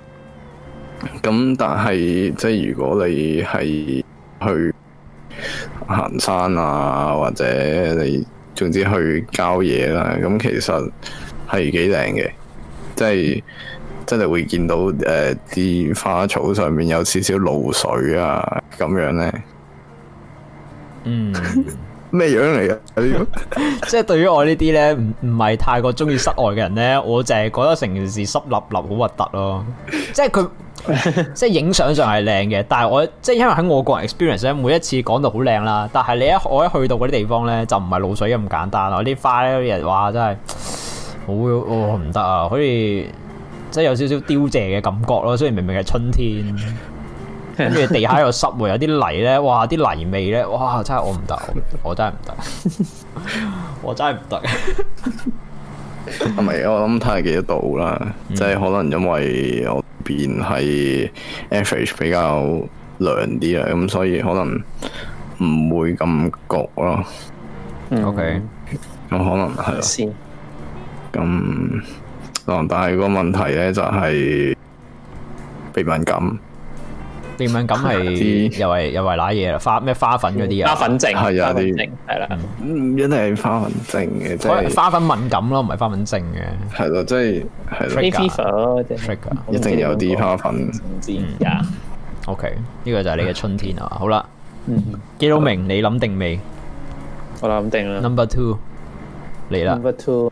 咁但係即係如果你係去行山啊，或者你總之去郊野啦，咁其實係幾靚嘅，即係真係會見到誒啲、呃、花草上面有少少露水啊，咁樣呢。嗯。 咩樣嚟噶？ 即係對於我呢啲咧，唔唔係太過中意室外嘅人咧，我淨係覺得成件事濕立立好核突咯。即係佢，即係影相上係靚嘅，但係我即係因為喺我個人 experience 咧，每一次講到好靚啦，但係你一我一去到嗰啲地方咧，就唔係露水咁簡單啦。啲花啲人話真係好唔得啊，好似即係有少少凋謝嘅感覺咯。雖然明明係春天。跟 住地下又濕，會有啲泥咧，哇！啲泥味咧，哇！真係我唔得，我真係唔得，我真係唔得。唔、嗯、係，我諗睇下幾多度啦，即係可能因為我邊係 average 比較涼啲啊，咁所以可能唔會咁焗咯。OK 咁可能係啦。咁，但係個問題咧就係、是、鼻敏感。敏感係又係 又係瀨嘢啦，花咩花粉嗰啲啊？花粉症係啊，花粉症係啦、啊。嗯，唔一定係花粉症嘅，即、就、係、是哎、花粉敏感咯，唔係花粉症嘅，係咯、啊，即係係 trigger 咯 trigger 一定有啲花粉。唔知呀？OK，呢個就係你嘅春天啊！好啦，幾、嗯、多名？啊、你諗定未？我諗定啦。Number two 嚟啦。Number two，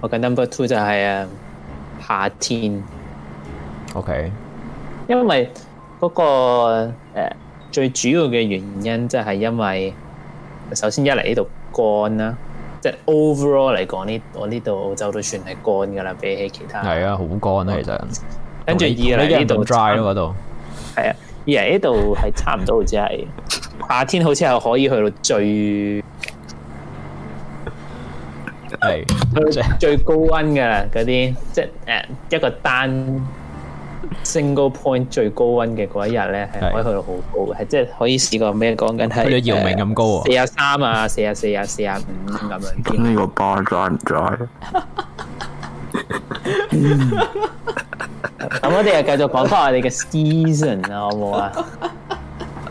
我嘅 number two 就係、是、啊夏天。OK，因為。嗰、那個誒最主要嘅原因，即係因為首先一嚟呢度乾啦，即、就、係、是、overall 嚟講，呢我呢度就都算係乾㗎啦，比起其他係啊，好乾啦、啊，其實。跟住二嚟呢度 dry 咯，嗰度係啊，二嚟呢度係差唔多，好似係夏天好似係可以去到最係 最，最高溫㗎嗰啲，即係誒一個單。single point 最高溫嘅嗰一日咧，係可以去到好高嘅，係即係可以試過咩？講緊係，好似姚明咁高啊，四十三啊，四十四啊，四十五咁樣。咁你個 bar 渣唔渣？咁我哋又繼續講翻我哋嘅 season，好唔好啊？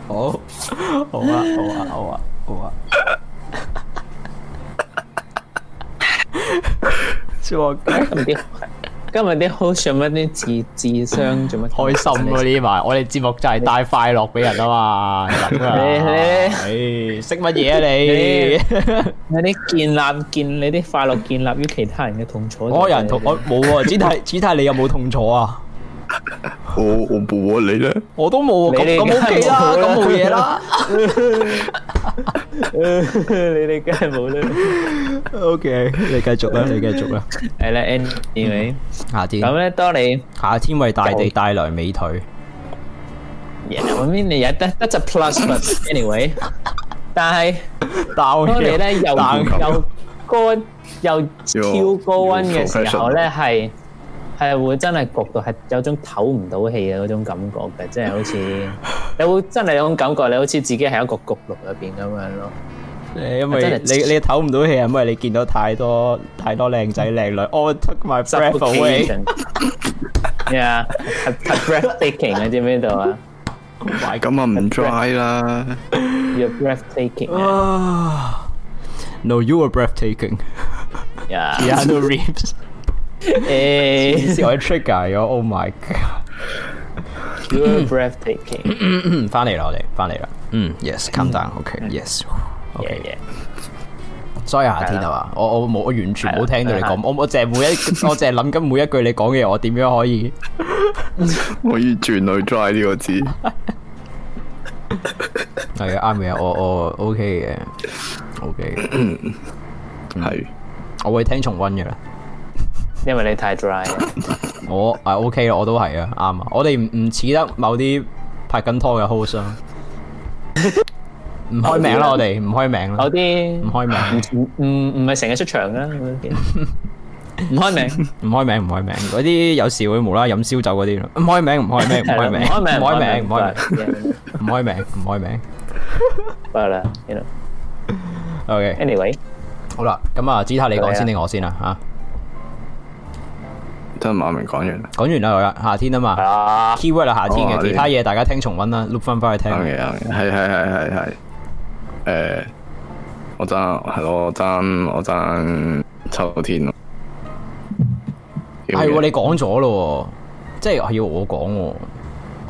好，好啊，好啊，好啊，好啊。做乜嘢？今日啲好做乜？啲智智商做乜？開心咯，呢排，我哋節目就係帶快樂畀人啊嘛。咁 等啊，誒、 哎，識乜嘢啊你， 你？你啲建立建你啲快樂建立於其他人嘅痛楚。我人同我冇喎，只睇只睇你有冇痛楚啊？我我冇啊，你咧？我都冇啊，咁咁 OK 啦，咁冇嘢啦。你你梗係冇啦。OK，你繼續啦，你繼續啦。係啦，end，anyway。夏天咁咧，當你夏天為大地帶來美腿。You know what I mean?That that's a plus plus，anyway。但係當你咧又又乾又跳高溫嘅時候咧係。係會真係焗到係有種唞唔到氣嘅嗰種感覺嘅，即係好似你會真係有種感覺，你好似自己喺一個焗爐入邊咁樣咯。誒，因為你你唞唔到氣啊，因為你見到太多太多靚仔靚女。Oh took my breath away。係啊，係係 breath-taking 啊！知唔知道啊？哇，咁啊唔 dry 啦。You're breathtaking。No, you are breathtaking. Piano reeds. 誒，你係我嘅 trigger！Oh my god，you are breathtaking。翻嚟啦，我哋翻嚟啦。嗯，yes，come down，okay，yes，okay。所以夏天係嘛？我我冇，我完全冇聽到你講，我我淨係每一，我淨係諗緊每一句你講嘅嘢，我點樣可以可以轉去 dry 呢個字？係啊，啱嘅，我我 OK 嘅，OK。係，我會聽重溫嘅啦。因為你太 dry，我係 OK 啦，我都係啊，啱啊，我哋唔唔似得某啲拍緊拖嘅 host，唔開名啦，我哋唔開名啦，有啲唔開名，唔唔唔唔係成日出場嘅，唔開名，唔開名，唔開名，嗰啲有時會無啦飲燒酒嗰啲咯，唔開名，唔開名，唔開名，唔開名，唔開名，唔開名，唔開名，唔開名，好啦，好啦，Anyway，好啦，咁啊，只睇你講先定我先啦，吓。真係明未講完，講完啦，好啦，夏天嘛啊嘛，keyword 係夏天嘅，哦，其他嘢，大家聽重温啦，loop 翻翻去聽嘅，係係係係係，誒、欸，我爭係咯，我爭我爭秋天咯，係、啊、你講咗咯，即係要我講、啊，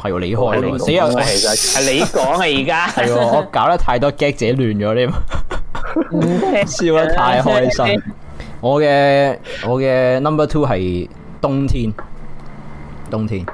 係、啊、你開死你死有 啊，其實係你講啊，而家係我搞得太多 gag 自己亂咗，添，笑，， 笑得太開心， 我嘅我嘅 number two 係。冬天，冬天，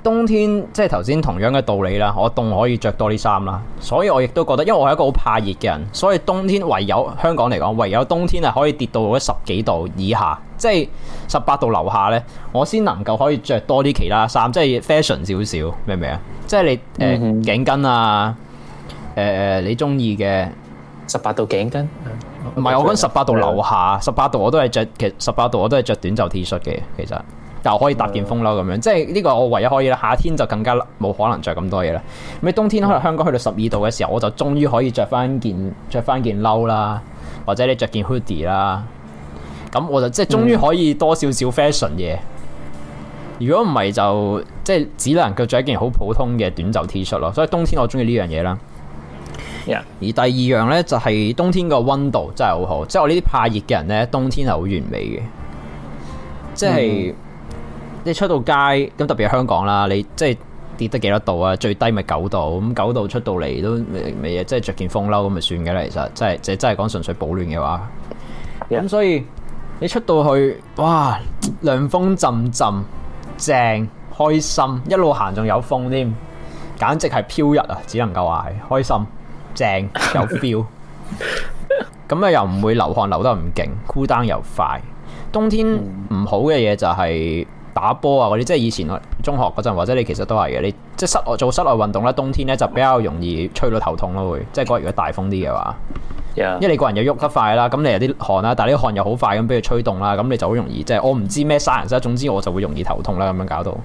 冬天，即係頭先同樣嘅道理啦。我凍可以着多啲衫啦，所以我亦都覺得，因為我係一個好怕熱嘅人，所以冬天唯有香港嚟講，唯有冬天係可以跌到十幾度以下，即係十八度樓下呢。我先能夠可以着多啲其他衫，即係 fashion 少少，明唔明啊？即係你誒、嗯、頸巾啊，誒、呃、你中意嘅十八度頸巾。唔係，我覺得十八度樓下，十八度我都係着，其實十八度我都係着短袖 T 恤嘅，其實，但係可以搭件風褸咁樣，即係呢個我唯一可以啦。夏天就更加冇可能着咁多嘢啦。咁你冬天可能香港去到十二度嘅時候，我就終於可以着翻件着翻件褸啦，或者你着件 hoodie 啦，咁我就即係終於可以多少少 fashion 嘢。如果唔係就即係只能夠着一件好普通嘅短袖 T 恤咯。所以冬天我中意呢樣嘢啦。Yeah. 而第二樣呢，就係、是、冬天個溫度真係好好，即、就、係、是、我呢啲怕熱嘅人呢，冬天係好完美嘅，即、就、係、是 mm. 你出到街咁特別香港啦，你即係、就是、跌得幾多度啊？最低咪九度，咁九度出到嚟都未未即係着件風褸咁咪算嘅啦。其實即係即係講純粹保暖嘅話，咁、yeah. 所以你出到去哇，涼風陣陣，正開心，一路行仲有風添，簡直係飄逸啊！只能夠話開心。正有 feel，咁啊又唔會流汗流得唔勁 cool down 又快。冬天唔好嘅嘢就係打波啊嗰啲，即係以前中學嗰陣或者你其實都係嘅，你即係室外做室外運動啦，冬天咧就比較容易吹到頭痛咯，會即係嗰日如果大風啲嘅話，yeah. 因為你個人又喐得快啦，咁你有啲汗啦，但係啲汗又好快咁俾佢吹凍啦，咁你就好容易即係我唔知咩沙人身，總之我就會容易頭痛啦，咁樣搞到。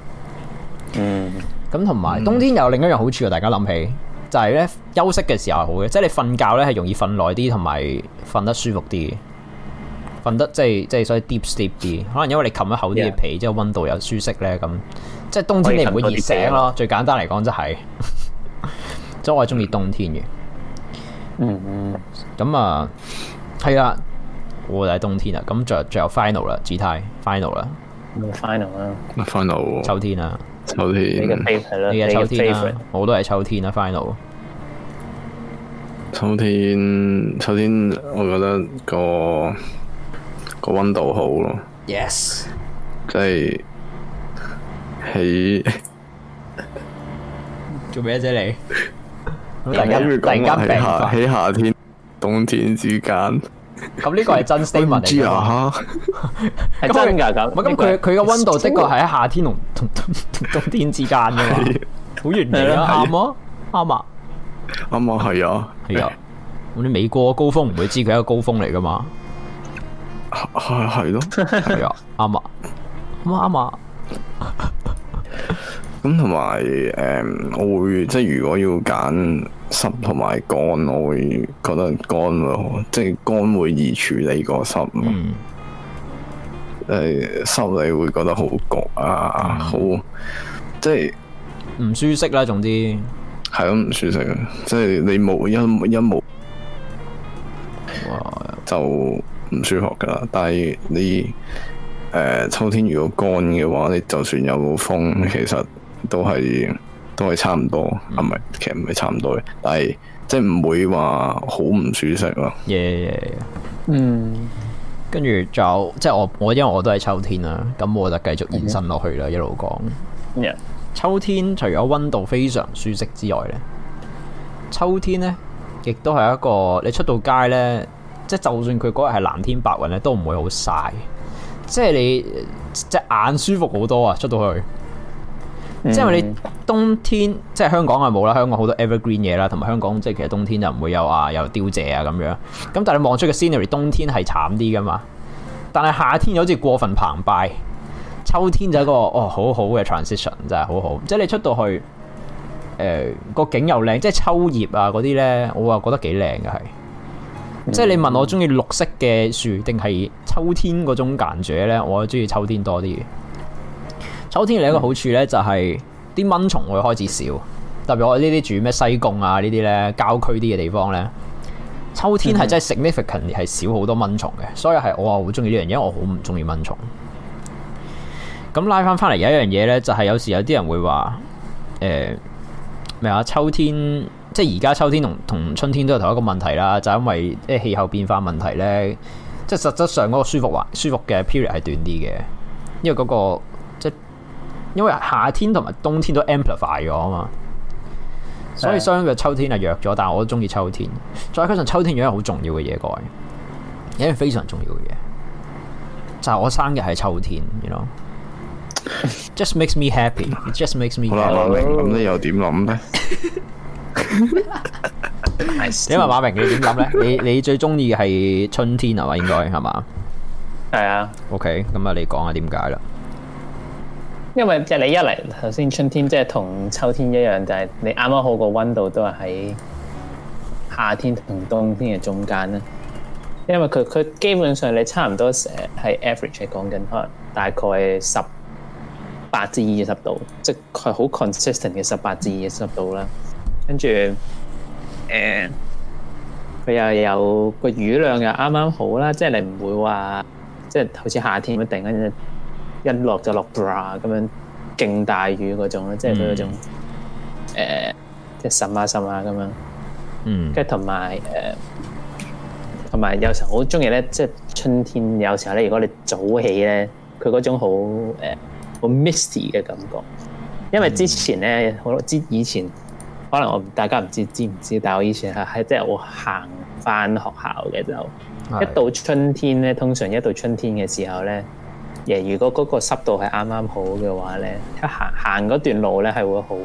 嗯、mm.，咁同埋冬天有另一樣好處啊，大家諗起。就係、是、咧休息嘅時候是好嘅，即係你瞓覺咧係容易瞓耐啲，同埋瞓得舒服啲，瞓得即係即係所以 deep sleep 啲。可能因為你冚得厚啲嘅被，即係溫度又舒適咧，咁即係冬天你唔會熱醒咯。最簡單嚟講就係、是，所 以我係中意冬天嘅。嗯，咁啊，係啊，我哋喺冬天啊，咁最最後 final 啦，Gtai final 啦，final 啦，final，秋天啊。秋天，呢個 favorite 秋天我都係秋天啦，final。秋天，秋天，我覺得個個溫度好咯。Yes、就是。即係喺做咩啫麼？你大家都會講喺夏天、冬天之間。咁呢個係真新聞嚟噶，係、啊、真噶咁。咁佢佢個溫度的確係喺夏天同同同冬天之間噶嘛，好完美啊！啱啊，啱啊，啱啊，係啊，係啊。咁啲未過高峰唔會知佢係一個高峰嚟噶嘛，係係咯，係啊，啱啊，啱啊。是的 咁同埋誒，我會即係如果要揀濕同埋乾，我會覺得乾咯，即係乾會易處理過濕咯。誒、嗯，濕你會覺得好焗啊，嗯、好即係唔舒適啦。總之係咁唔舒適嘅，即係你冇陰陰霧就唔舒服噶啦。但係你誒、呃，秋天如果乾嘅話，你就算有冇風、嗯，其實。都係都係差唔多，唔係其實唔係差唔多嘅，但係即係唔會話好唔舒適咯。耶、yeah, yeah, yeah. mm.，嗯，跟住仲有即係我我因為我都係秋天啦、啊，咁我就繼續延伸落去啦，一路講。Mm-hmm. Yeah. 秋天除咗溫度非常舒適之外呢，秋天呢，亦都係一個你出到街呢，即係就算佢嗰日係藍天白雲呢，都唔會好曬，即係你即係眼舒服好多啊，出到去。嗯、即係你冬天，即係香港係冇啦。香港好多 evergreen 嘢啦，同埋香港即係其實冬天就唔會有啊，有凋謝啊咁樣。咁但係你望出個 scenery，冬天係慘啲噶嘛。但係夏天又好似過分澎湃，秋天就係一個哦好好嘅 transition，真係好好。即係你出到去，誒、呃、個景又靚，即係秋葉啊嗰啲咧，我啊覺得幾靚嘅係。即係你問我中意綠色嘅樹定係秋天嗰種感覺咧，我中意秋天多啲。秋天有一個好處咧，就係啲蚊蟲會開始少，特別我呢啲、啊、呢啲呢啲住咩西貢啊呢啲咧，郊區啲嘅地方咧，秋天係真係 significant 係少好多蚊蟲嘅，所以係我啊好中意呢樣嘢，我好唔中意蚊蟲。咁拉翻翻嚟有一樣嘢咧，就係有時有啲人會話，誒、呃、咩啊？秋天即係而家秋天同同春天都係同一個問題啦，就係、因為即係氣候變化問題咧，即係實質上嗰個舒服話舒服嘅 period 係短啲嘅，因為嗰、嗰個。.因為夏天同埋冬天都 amplify 咗啊嘛，所以相對秋天係弱咗，但係我都中意秋天。再加上秋天有一個好重要嘅嘢，各位，一樣非常重要嘅嘢。就係、是、我生日係秋天，you know? just makes me happy，just makes me happy。好啦，馬明，咁你又點諗呢， 呢？你問馬明你點諗呢？你你最中意係春天係嘛？應該係嘛？係 啊、okay。OK，咁啊，你講下點解啦？因為即係你一嚟頭先春天，即係同秋天一樣，就係、是、你啱啱好個溫度都係喺夏天同冬天嘅中間啦。因為佢佢基本上你差唔多成係 average 嚟講緊，可能大概十八至二十度，即係佢好 consistent 嘅十八至二十度啦。跟住誒，佢、呃、又有個雨量又啱啱好啦，即係你唔會話即係好似夏天咁突然一落就落 bra 咁樣，勁大雨嗰種咧，即係佢嗰種，誒，即係滲啊滲啊咁樣。嗯。跟住同埋誒，同、呃、埋、嗯有，呃、有，有時候好中意咧，即、就、係、是、春天有時候咧，如果你早起咧，佢嗰種好誒，好、呃、misty 嘅感覺。因為之前咧，好、嗯、之以前，可能我大家唔知知唔知，但係我以前係係即係我行返學校嘅就，一到春天咧，通常一到春天嘅時候咧。Yeah, 如果嗰個濕度係啱啱好嘅話咧，行行嗰段路咧係會好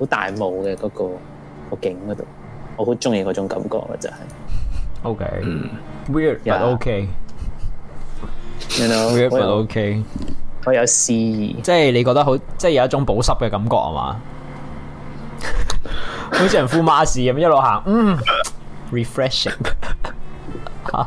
好大霧嘅嗰、嗰個、嗰個景嗰度，我好中意嗰種感覺嘅就係、係。Okay. Weird but okay. Yeah. You know, weird but okay. 我有詩意，即係你覺得好，即係有一種保濕嘅感覺啊嘛， 好似人敷 mask 咁一路行，嗯，refreshing、 啊。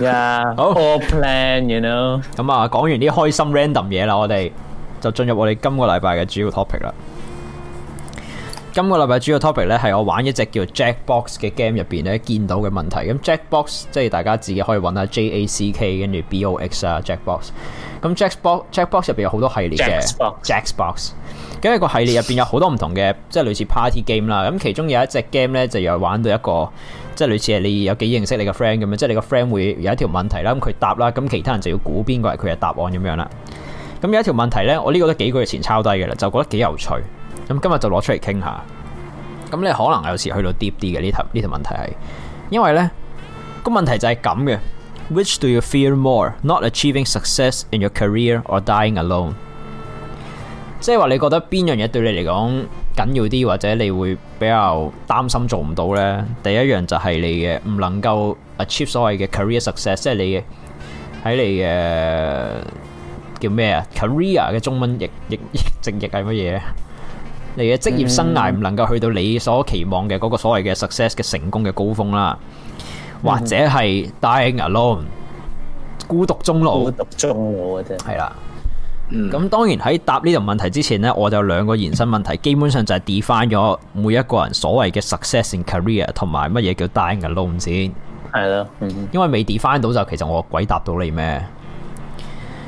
Yeah，好，All plan，you know。咁啊，講完啲開心 random 嘢啦，我哋就進入我哋今個禮拜嘅主要 topic 啦。今個禮拜主要 topic 咧係我玩一隻叫 Jackbox 嘅 game 入邊咧見到嘅問題。咁 Jackbox 即係大家自己可以揾下、啊、J-A-C-K 跟住 B-O-X 啊 Jackbox。咁 Jackbox Jackbox 入邊有好多系列嘅 Jackbox。咁一個系列入邊有好多唔同嘅， 即係類似 party game 啦。咁其中有一隻 game 咧就又玩到一個，即係類似係你有幾認識你個 friend 咁樣，即係你個 friend 會有一條問題啦，咁佢答啦，咁其他人就要估邊個係佢嘅答案咁樣啦。咁有一條問題咧，我呢個都幾個月前抄低嘅啦，就覺得幾有趣。咁今日就攞出嚟傾下。咁你可能有時去到 deep 啲嘅呢頭呢條問題係，因為呢個問題就係咁嘅。Which do you fear more? Not achieving success in your career or dying alone？即係話你覺得邊樣嘢對你嚟講緊要啲，或者你會比較擔心做唔到呢？第一樣就係你嘅唔能夠 achieve 所謂嘅 career success，即、mm. 係你嘅喺你嘅叫咩啊 career 嘅中文譯譯正譯係乜嘢？你嘅職業生涯唔能夠去到你所期望嘅嗰個所謂嘅 success 嘅成功嘅高峰啦，或者係 dying alone 孤獨終老。孤獨終老嘅啫。係啦，咁、嗯、當然喺答呢條問題之前呢，我就有兩個延伸問題，基本上就係 define 咗每一個人所謂嘅 success in career 同埋乜嘢叫 dying alone 先。係咯、嗯，因為未 define 到就其實我鬼答到你咩？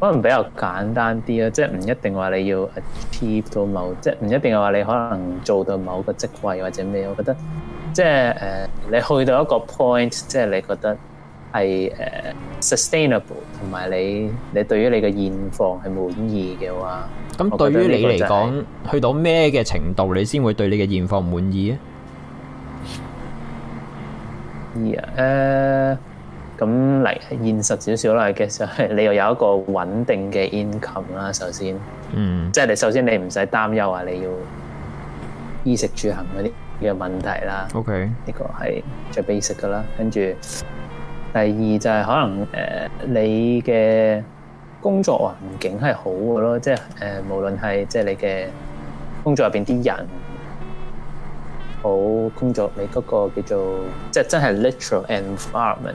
可能比較簡單啲咯，即係唔一定話你要 achieve 到某，即係唔一定話你可能做到某個職位或者咩。我覺得即係誒，即係 uh, 你去到一個 point，即係你覺得係誒、uh, sustainable，同埋你你對於你嘅現況係滿意嘅話，咁對於你嚟講、即係，去到咩嘅程度你先會對你嘅現況滿意啊？呀，誒～咁嚟現實少少啦，其實係你又有一個穩定嘅 income 啦。首先，嗯、mm.，即係你首先你唔使擔憂啊，你要衣食住行嗰啲嘅問題啦。OK，呢個係最 basic 嘅啦。跟住第二就係可能誒、呃，你嘅工作環境係好嘅咯，即係誒、呃，無論係即係你嘅工作入邊啲人好，好工作你嗰個叫做即係真係 literal environment。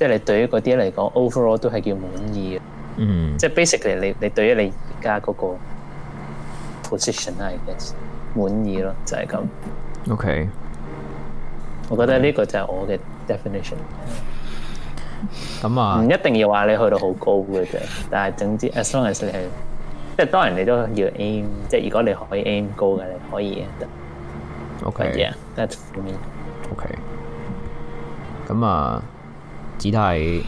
即係你對於嗰啲嚟講，overall 都係叫滿意嘅。嗯，即係 basically 你你對於你而家嗰個 position 係滿意咯，就係咁。OK，我覺得呢個就係我嘅 definition。咁啊，唔一定要話你去到好高嘅啫，但係總之，as long as 你係即係當然你都要 aim，即係如果你可以 aim 高嘅，你可以。OK，yeah，that's for me。OK，咁啊。只係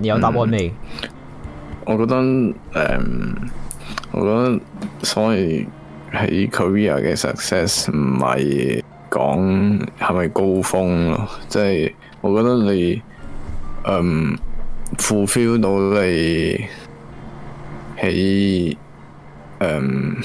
你有答案未？嗯，我覺得誒，um, 我覺得所謂喺 career 嘅 success 唔係講係咪高峰咯，即、就、係、是、我覺得你誒、um, fulfill 到你喺誒。Um,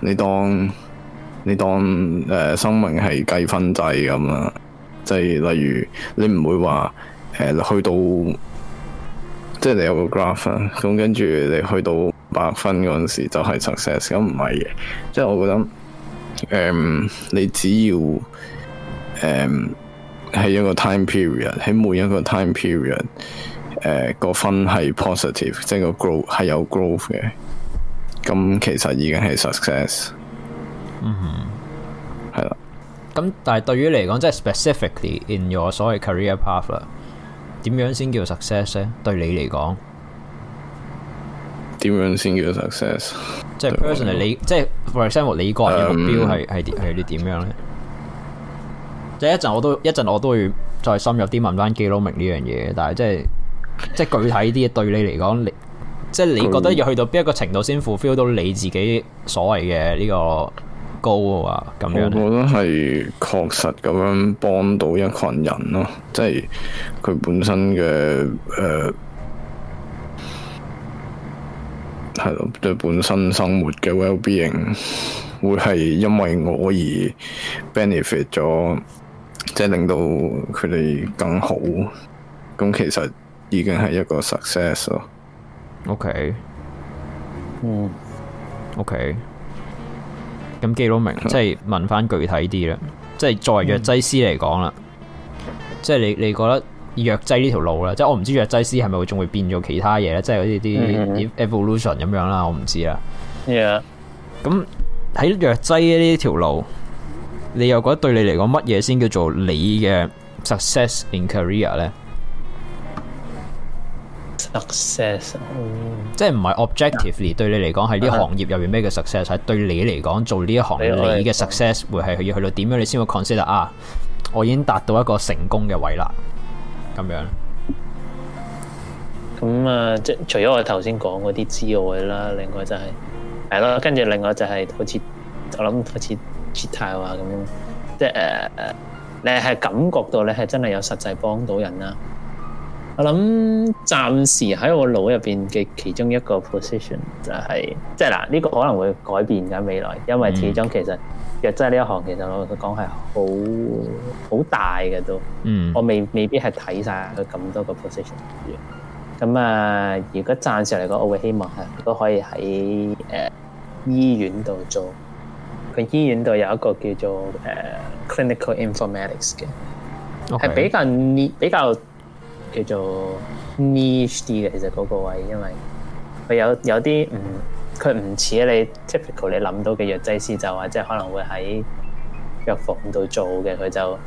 你當你當誒、呃、生命係計分制咁啦，即、就、係、是、例如你唔會話誒、呃、去到即係你有個 graph 咁跟住你去到百分嗰陣時就係 success，咁唔係嘅，即係我覺得誒、呃、你只要誒喺、呃、一個 time period 喺每一個 time period 誒、呃、個分係 positive，即係個 growth 係有 growth 嘅。咁其實已經係 success。嗯、mm-hmm.，哼，係啦。咁但係對於你嚟講，即係 specifically in your 所謂 career path 啦，點樣先叫 success 咧？對你嚟講，點樣先叫 success？即係 personally，我你即係 for example，你個人嘅目標係係啲係啲點樣咧？即係一陣我都一陣我都會再深入啲問翻 Gtai 明呢樣嘢，但係即係即係具體啲嘢對你嚟講，你。即係你覺得要去到邊一個程度先 feel 到你自己所謂嘅呢個高啊咁樣？我覺得係確實咁樣幫到一群人咯，即係佢本身嘅誒係咯，即、呃、佢本身生活嘅 well-being 會係因為我而 benefit 咗，即係令到佢哋更好。咁其實已經係一個 success 咯。O K，嗯，O K，咁記到明，okay. 即係問翻具體啲啦，即係作為藥劑師嚟講啦，mm. 即係你你覺得藥劑呢條路啦，即係我唔知藥劑師係咪會仲會變咗其他嘢咧，即係好似啲 evolution 咁、mm. 樣啦，我唔知啦。Yeah，咁喺藥劑呢條路，你又覺得對你嚟講乜嘢先叫做你嘅 success in career 咧？success、嗯、即係唔係 objectively 對你嚟講係呢行業入面咩叫 success？係、嗯、對你嚟講做呢一行你嘅 success 會係要去到點樣你先會 consider 啊？我已經達到一個成功嘅位啦，咁樣。咁、嗯、啊，即係除咗我頭先講嗰啲之外啦，另外就係係咯，跟住另外就係、是、好似我諗好似 Gtai 話咁，即係誒誒，你係感覺到你係真係有實際幫到人啦、啊。我諗暫時喺我腦入邊嘅其中一個 position 就係、是，即係嗱呢個可能會改變緊未來，因為始終其實藥劑，呢一行，其實我講係好好大嘅都，嗯，我未未必係睇晒佢咁多個 position。咁啊、呃，如果暫時嚟講，我會希望係都可以喺誒、呃、醫院度做。佢醫院度有一個叫做誒、呃、clinical informatics 嘅，係比較比較，比較叫做 niche 啲嘅，其實嗰個位，因為佢有有啲唔，佢唔似你 typical 你諗到嘅藥劑師就話即係可能會喺藥房度做嘅，佢就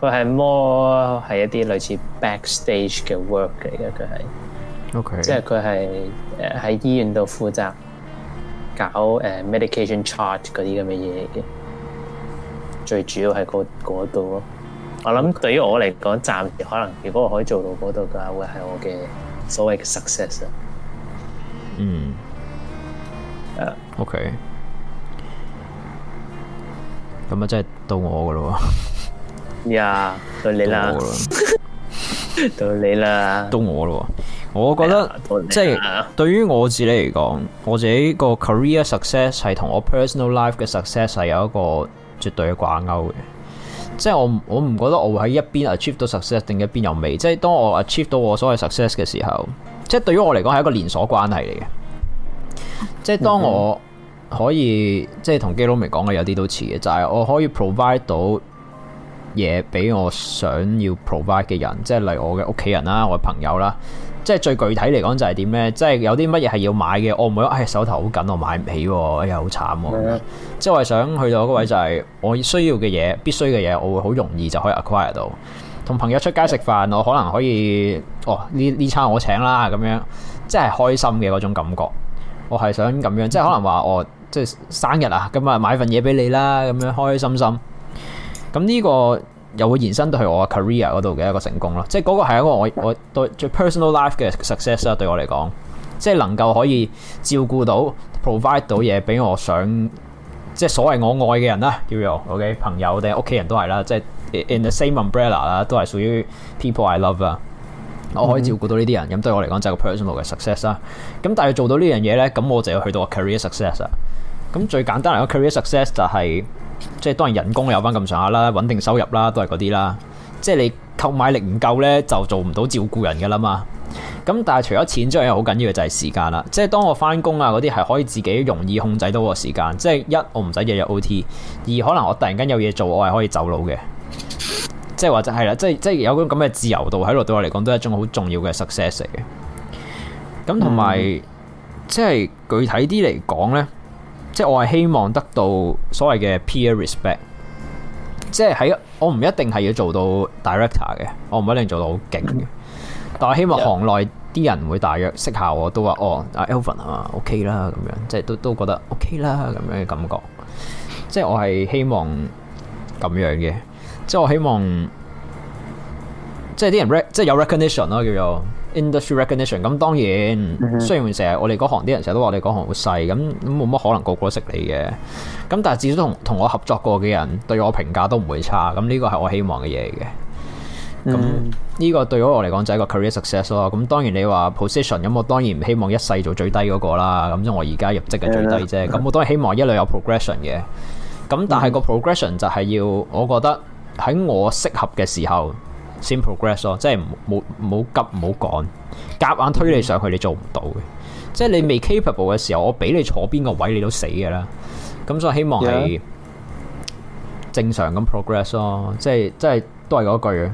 佢係 more 係一啲類似 backstage 嘅 work 嚟嘅，佢係，OK，即係佢係誒喺醫院度負責搞誒、呃、medication chart 嗰啲咁嘅嘢嘅，最主要係嗰度咯。我諗對於我嚟講，暫時可能如果我可以做到嗰度嘅話，會係我嘅所謂嘅 success 啊。嗯。OK。咁啊，真係到我噶咯。呀、yeah，到你啦。 到你啦。到我咯。我覺得即係、yeah，就是、對於我自己嚟講，我自己個 career success 係同我 personal life 嘅 success 係有一個絕對嘅掛鈎嘅。即係我我唔覺得我會喺一邊 achieve 到 success，定一邊又未。即係當我 achieve 到我所謂 success 嘅時候，即係對於我嚟講係一個連鎖關係嚟嘅。即係當我可以、mm-hmm. 即係同基隆明講嘅有啲都似嘅，就係、是、我可以 provide 到嘢俾我想要 provide 嘅人，即係例如我嘅屋企人啦，我嘅朋友啦。即係最具體嚟講就係點呢？即係有啲乜嘢係要買嘅，我唔會，唉、哎，手頭好緊，我買唔起、啊，哎呀好慘、啊。即係我係想去到嗰位就係我需要嘅嘢，必須嘅嘢，我會好容易就可以 acquire 到。同朋友出街食飯，我可能可以哦呢呢餐我請啦咁樣，即係開心嘅嗰種感覺。我係想咁樣，即係可能話我、哦、即係生日啊，咁啊買份嘢俾你啦，咁樣開開心心。咁呢、呢個。又會延伸到去我嘅 career 嗰度嘅一個成功咯，即係嗰個係一個我我對最 personal life 嘅 success 啊！對我嚟講，即係能夠可以照顧到 provide 到嘢俾我想，即係所謂我愛嘅人啦，叫做 OK 朋友定屋企人都係啦，即係 in the same umbrella 啦，都係屬於 people I love 啊，我可以照顧到呢啲人咁，mm-hmm. 對我嚟講就係個 personal 嘅 success 啦。咁但係做到這件事呢樣嘢咧，咁我就要去到個 career success 啊。咁最簡單嚟講，career success 就係、是。即係當然人工有翻咁上下啦，穩定收入啦，都係嗰啲啦。即係你購買力唔夠呢，就做唔到照顧人㗎啦嘛。咁但係除咗錢之外，好緊要嘅就係時間啦。即係當我翻工啊嗰啲係可以自己容易控制到個時間。即係一我唔使日日 OT，二可能我突然間有嘢做，我係可以走佬嘅。即係或者係啦，即係即係有種咁嘅自由度喺度，對我嚟講都係一種好重要嘅 success 嚟嘅。咁同埋即係具體啲嚟講呢。即係我係希望得到所謂嘅 peer respect，即係喺我唔一定係要做到 director 嘅，我唔一定做到好勁嘅，但係希望行內啲人會大約識下我，都話哦阿 Elvin 啊，OK 啦，咁樣，即係都都覺得 OK 啦咁樣嘅感覺，即係我係希望咁樣嘅，即係我希望，即係啲人 re，即係有 recognition 啦叫做。Industry recognition 咁當然，mm-hmm. 雖然成日我哋嗰行啲人成日都話我哋嗰行好細，咁冇乜可能個個都識你嘅。咁但係至少同同我合作過嘅人對我評價都唔會差，咁呢個係我希望嘅嘢嚟嘅。咁呢個對於我嚟講就係一個 career success 咯。咁當然你話 position，咁我當然唔希望一世做最低嗰、嗰個啦。咁即我而家入職係最低啫，咁、yeah. 我都係希望一路有 progression 嘅。咁但係個 progression 就係要我覺得喺我適合嘅時候，先 progress 咯，即係冇冇急，唔好趕，夾硬推你上去你做唔到嘅，嗯，即係你未 capable 嘅時候，我俾你坐邊個位你都死嘅啦。咁所以希望係正常咁 progress 咯，嗯，即係即係都係嗰句，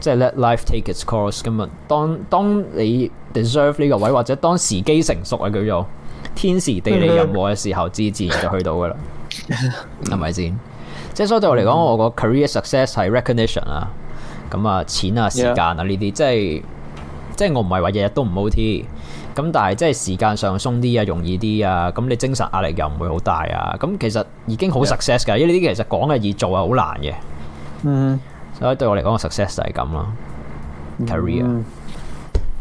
即係 let life take its course。咁啊，當當你 deserve 呢個位，或者當時機成熟啊，叫做天時地利人和嘅時候，自自然就去到噶啦，係咪先？即係所以對我嚟講，我個 career success 係 recognition 啊。咁啊，錢啊，時間啊，呢、yeah. 啲即係即係我唔係話日日都唔 ot，咁但係即係時間上鬆啲啊，容易啲啊，咁你精神壓力又唔會好大啊，咁其實已經好 success 嘅，yeah. 因為呢啲其實講嘅易做係好難嘅，嗯、mm-hmm.，所以對我嚟講，success 就係咁咯，career。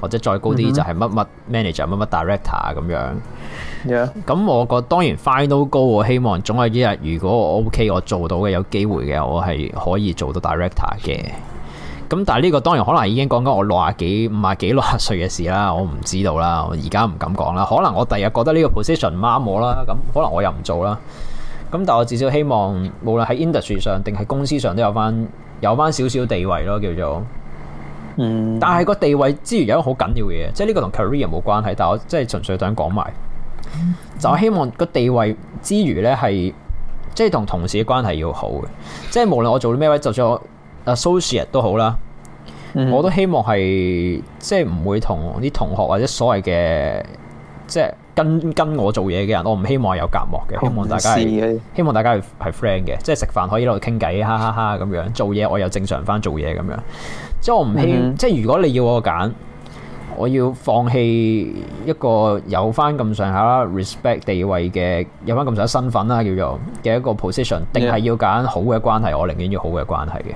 或者再高啲就係乜乜 manager 乜乜 director 咁樣，咁、yeah。我覺得當然 final goal 我希望總有一日如果我 OK 我做到嘅，有機會嘅我係可以做到 director 嘅，咁但係呢個當然可能已經講緊我六廿幾五廿幾六十歲嘅事啦，我唔知道啦，而家唔敢講啦，可能我第日覺得呢個 position 唔啱我啦，咁可能我又唔做啦，咁但我至少希望無論喺 industry 上定係公司上都有翻有翻少少地位咯，叫做。嗯、但係個地位之餘，有一個好緊要嘅嘢，即係呢個同 career 冇關係，但係我即係純粹想講埋，就我希望個地位之餘呢係即係同同事嘅關係要好嘅，即、就、係、係、無論我做咩位，就算我 associate 都好啦、嗯，我都希望係即係唔會同啲同學或者所謂嘅即係跟跟我做嘢嘅人，我唔希望有隔膜嘅，希望大家係希望大家係 friend 嘅，即係食飯可以喺度傾偈，哈哈哈咁樣，做嘢我又正常翻做嘢咁樣。即係我唔偏，mm-hmm. 即係如果你要我揀，我要放棄一個有翻咁上下 respect 地位嘅，有翻咁上下身份啦，叫做嘅一個 position，定係要揀好嘅關係，我寧願要好嘅關係嘅。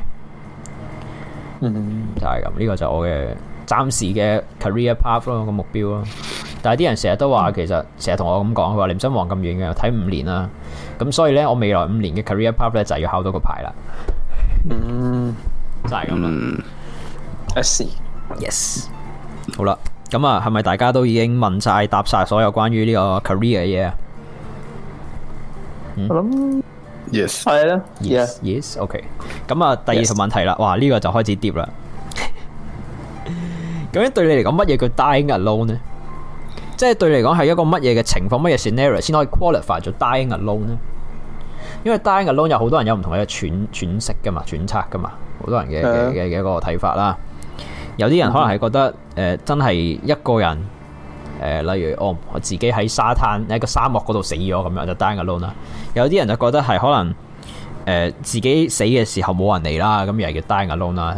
嗯、mm-hmm.，就係咁，呢個就係我嘅暫時嘅 career path 咯，個目標咯。但係啲人成日都話，其實成日同我咁講，佢話你唔使望咁遠嘅，睇五年啦。咁所以咧，我未來五年嘅 career path 咧，就要考到一個牌啦。嗯、mm-hmm.，就係咁啦。s、yes. 好啦，咁啊，係咪大家都已經問晒、答晒所有關於呢個 career 嘅嘢啊？我諗，Yes。係啦。Yes. Yes. Okay. 咁啊，第二條問題啦，yes. 哇，呢、這個就開始 dip 啦。咁 樣對你嚟講，乜嘢叫 dying alone 呢？即、就、係、是、對你嚟講係一個乜嘢嘅情況，乜嘢 scenario 先可以 qualify 做 dying alone 呢？因為 dying alone 有好多人有唔同嘅轉轉釋噶嘛，轉測噶嘛，好多人嘅嘅嘅一個睇法啦。有啲人可能係覺得，誒、呃，真係一個人，誒、呃，例如我、哦、我自己喺沙灘喺個沙漠嗰度死咗咁樣就 dying alone 啦。有啲人就覺得係可能，誒、呃，自己死嘅時候冇人嚟啦，咁又係叫 dying alone 啦。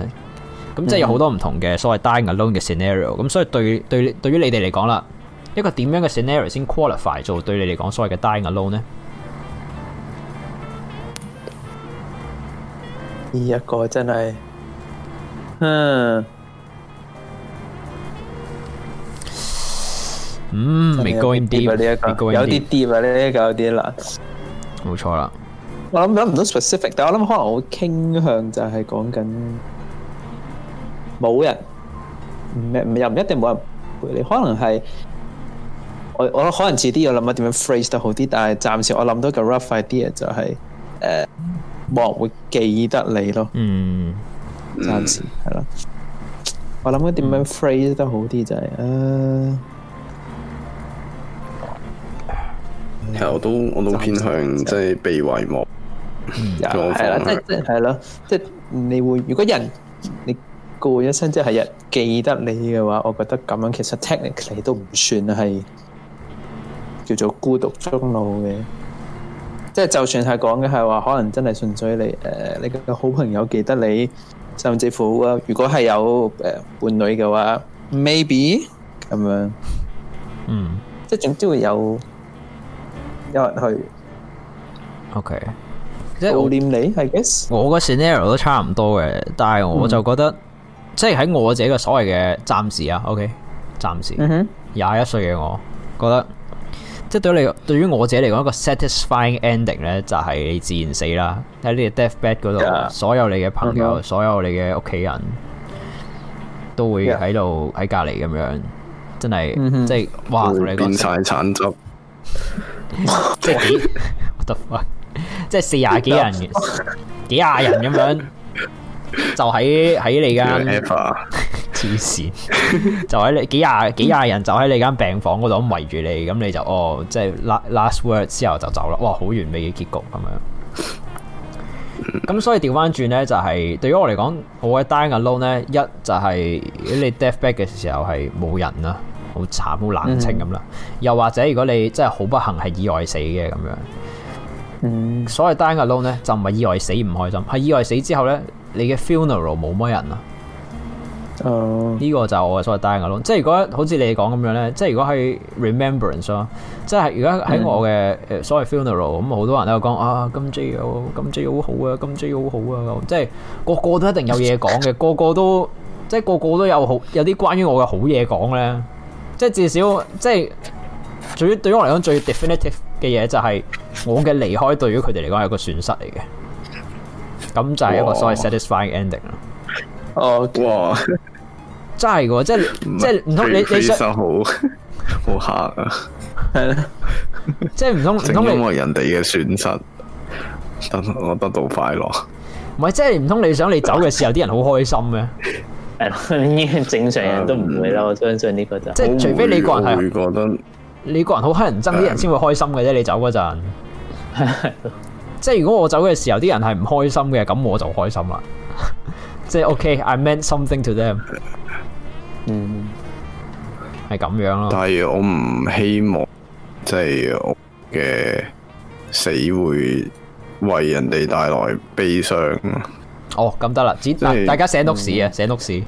咁即係有好多唔同嘅所謂 dying alone 嘅 scenario、嗯。咁所以對對對於你哋嚟講啦，一個點樣嘅 scenario 先 qualify 做對你嚟講所謂嘅 dying alone 呢？呢、這、一個真係，哼。 嗯，be going deep，啊這個，啊這個，有啲 deep。啊，呢一個有啲難，冇錯啦。我諗諗唔到 specific，但我諗可能我會傾向就係講緊冇人，唔又唔一定冇人陪你，可能係我我可能遲啲要諗下點樣 phrase 得好啲，但係暫時我諗到個 rough idea 就係誒冇人會記得你咯。嗯，暫時係啦。我諗下點樣 phrase 得好啲就係、是、誒。呃係、嗯，我都我都偏向即係被遺忘。係啦，即係係咯，即係你會如果人你過完一生即係人記得你嘅話，我覺得咁樣其實 technically 都唔算係叫做孤獨終老嘅。即係就算係講嘅係話，可能真係純粹你誒、呃，你嘅好朋友記得你，甚至乎啊，如果係有誒、呃、伴侶嘅話，maybe 咁樣。嗯、mm.，即係總之會有。有人去，OK，即係我念你係我個 scenario 都差唔多嘅，但係我就覺得，嗯、即係喺我自己嘅所謂嘅暫時啊，OK，暫時，廿一歲嘅我，覺得即係對你，對於我自己嚟講一個 satisfying ending 咧，就係、你、自然死啦，喺呢個 deathbed 嗰度、嗯，所有你嘅朋友、嗯，所有你嘅屋企人都會喺度喺隔籬咁樣，真係、嗯，即係哇！你變晒橙汁。 即係幾，得啊！即係四廿幾人， 幾廿人咁樣，就喺喺你間黐線， 經病 就喺你幾廿幾廿人，就喺你間病房嗰度圍住你，咁你就哦，即係 last word 之後就走啦，哇，好完美嘅結局咁樣。咁 所以調翻轉咧，就係對於我嚟講，我嘅《Dying Alone》咧，一就係你 death back 嘅時候係冇人啦。好慘，好冷清咁啦。Mm. 又或者，如果你真係好不幸係意外死嘅咁樣，嗯、mm.，所謂 die alone 咧就唔係意外死唔開心，係意外死之後咧，你嘅 funeral 冇乜人，oh. 這 alone, 這在在 mm. funeral, 人啊。哦，呢個就我所謂 die alone，即係如果好似你講咁樣咧，即係如果喺 remembrance 咯，即係如果喺我嘅誒所謂 funeral 咁，好多人都講啊金 J 啊金 J 好好啊金 J 好好啊，即係個個都一定有嘢講嘅， 個個都即係個個都有好有啲關於我嘅好嘢講咧。即係至少，即係最對於我嚟講最 definitive 嘅嘢就係我嘅離開，對於佢哋嚟講係一個損失嚟嘅。咁就係一個所謂 satisfying ending 咯。哦，哇，真係噶，即係即係唔通你你，你想好，我黑啊，係 啦，即係唔通唔通因為人哋嘅損失，等我得到快樂。唔係，即係唔通你想你走嘅時候啲人好開心咩？ 正常人都唔會啦、嗯，我相信呢個就係、即係除非你個人係覺得你個人好乞、嗯、人憎，啲人先會開心嘅啫。你走嗰陣， 即係如果我走嘅時候，啲人係唔開心嘅，咁我就開心啦。 即係 OK，I、okay, meant something to them。嗯，係咁樣咯。但係我唔希望即係、就係、我嘅死會為人哋帶來悲傷。哦，咁得啦，只大家寫篤屎啊，寫篤屎，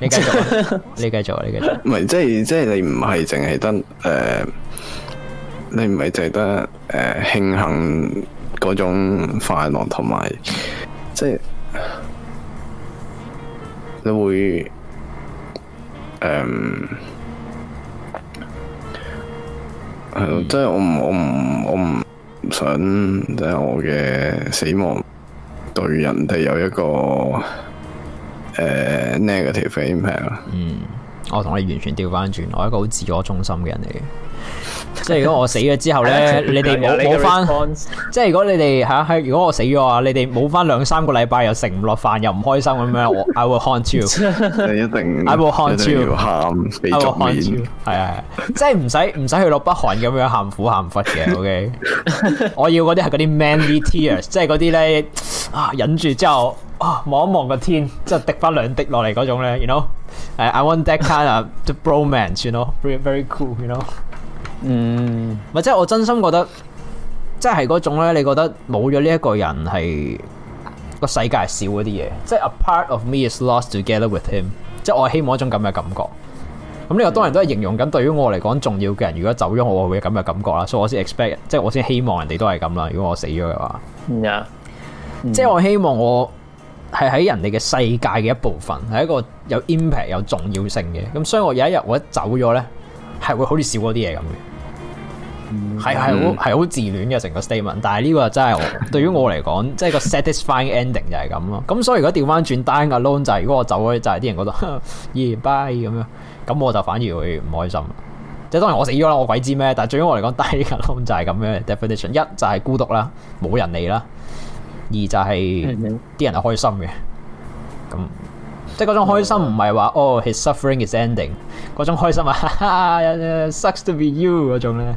你繼續， 續，你繼續，你繼續。唔係，即係即係、呃，你唔係淨係得誒，你唔係淨係得誒慶幸嗰種快樂，同埋即係你會誒，係咯，即係我唔我唔我唔想即係我嘅死亡。對人哋有一個、呃、negative impact。嗯，我同你完全調翻轉，我係一個好自我中心嘅人嚟。即係如果我死咗之後咧，你哋冇補翻，即係如果你哋吓係如果我死咗啊，你哋冇翻兩三個禮拜又食唔落飯，又唔開心咁樣，我 I will haunt you，你一定 I will haunt you，要喊，I will haunt you，係啊，即係唔使唔使去到北韓咁樣喊苦喊忽嘅。OK，我要嗰啲係嗰啲 manly tears，即係嗰啲咧啊忍住之後啊望一望個天，即係滴翻兩滴落嚟嗰種咧。You know，誒，I want that kind of the bromance。You know，very very cool。You know。嗯、mm.，或者我真心覺得，即係嗰種咧，你覺得冇咗呢一個人係個世界係少嗰啲嘢，即係 A part of me is lost together with him，、mm. 即係我希望一種咁嘅感覺。咁呢個當然都係形容緊對於我嚟講重要嘅人，如果走咗我會有咁嘅感覺啦。所以我先 expect，即係我先希望人哋都係咁啦。如果我死咗嘅話，嗯、mm. mm.，即係我希望我係喺人哋嘅世界嘅一部分，係一個有 impact 有重要性嘅。咁所以我有一日我一走咗呢，係會好似少咗啲嘢咁嘅。係係好係好自戀嘅成個 statement，但係呢個真係對於我嚟講， 即係個 satisfying ending 就係咁咯。咁所以如果調翻轉，die alone 就係如果我走咗就係、是、啲人覺得 y、yeah, bye 咁樣，咁我就反而會唔開心。即係當然我死咗啦，我鬼知咩？但係對於我嚟講，die alone 就係咁樣 definition，一就係孤獨啦，冇人嚟啦；二就係、是、啲 人係開心嘅，咁即係嗰種開心唔係話哦，his suffering is ending 嗰種開心啊 ，sucks to be you 嗰種咧。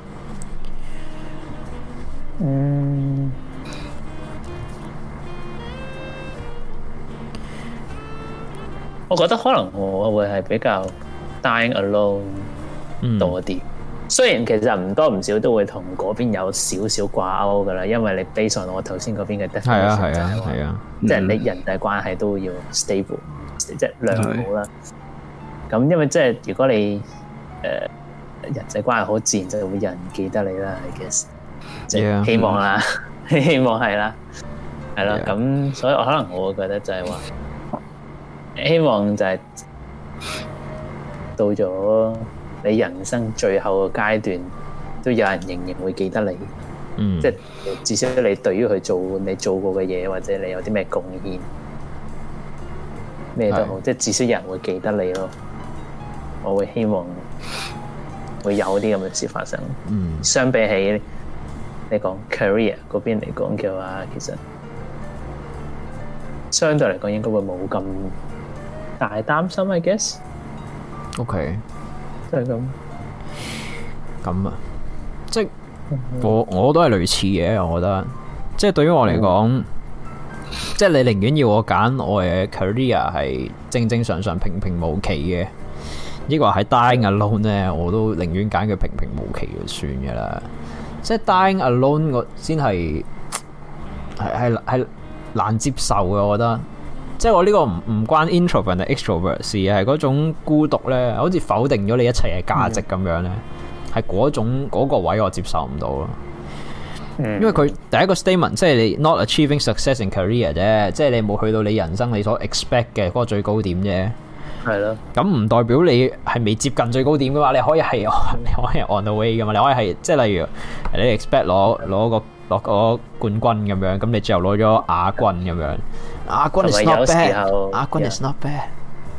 嗯，我覺得可能我會係比較 dying alone 多啲。嗯、雖然其實唔多唔少都會同嗰邊有少少掛鈎噶啦，因為你 based on 我頭先嗰邊嘅 definition、啊啊啊啊、就即、是、係你人際關係都要 stable，即係良好啦。咁因為即係如果你誒、呃、人際關係好，自然就會人記得你啦。I guess 就是、希望啦，yeah, yeah. 希望係啦，係啦。咁、yeah. 所以我可能我會覺得就係話，希望就係到咗你人生最後個階段，都有人仍然會記得你。嗯，即係至少你對於佢做你做過嘅嘢，或者你有啲咩貢獻，咩都好，即、yeah. 係至少有人會記得你咯。我會希望會有啲咁嘅事發生。嗯、mm.，相比起，你講 career 嗰邊嚟講嘅話，其實相對嚟講應該會冇咁大擔心，I guess？Okay，真係咁咁啊！即係我我都係類似嘅，我覺得即係對於我嚟講，即係、嗯、你寧願要我揀我嘅 career 係正正常常平平無奇嘅，呢個係 dying alone 咧，我都寧願揀佢平平無奇就算噶啦。即係 dying alone，我先係係係難接受嘅。我覺得即係我呢個唔唔關 introvert 定 extrovert 事，係嗰種孤獨咧，好似否定咗你一切嘅價值咁樣咧，係、嗯、嗰種嗰、嗰個位我接受唔到咯。因為佢第一個 statement 即係你 not achieving success in career 啫，即係你冇去到你人生你所 expect 嘅嗰個最高點啫。係咯，咁唔代表你係未接近最高點嘅話？你可以係可係 on the way 噶嘛？你可以係即係例如你 expect 攞攞個攞個冠軍咁樣，咁你之後攞咗亞軍咁樣，亞軍係有時候，not bad，亞軍係 not bad。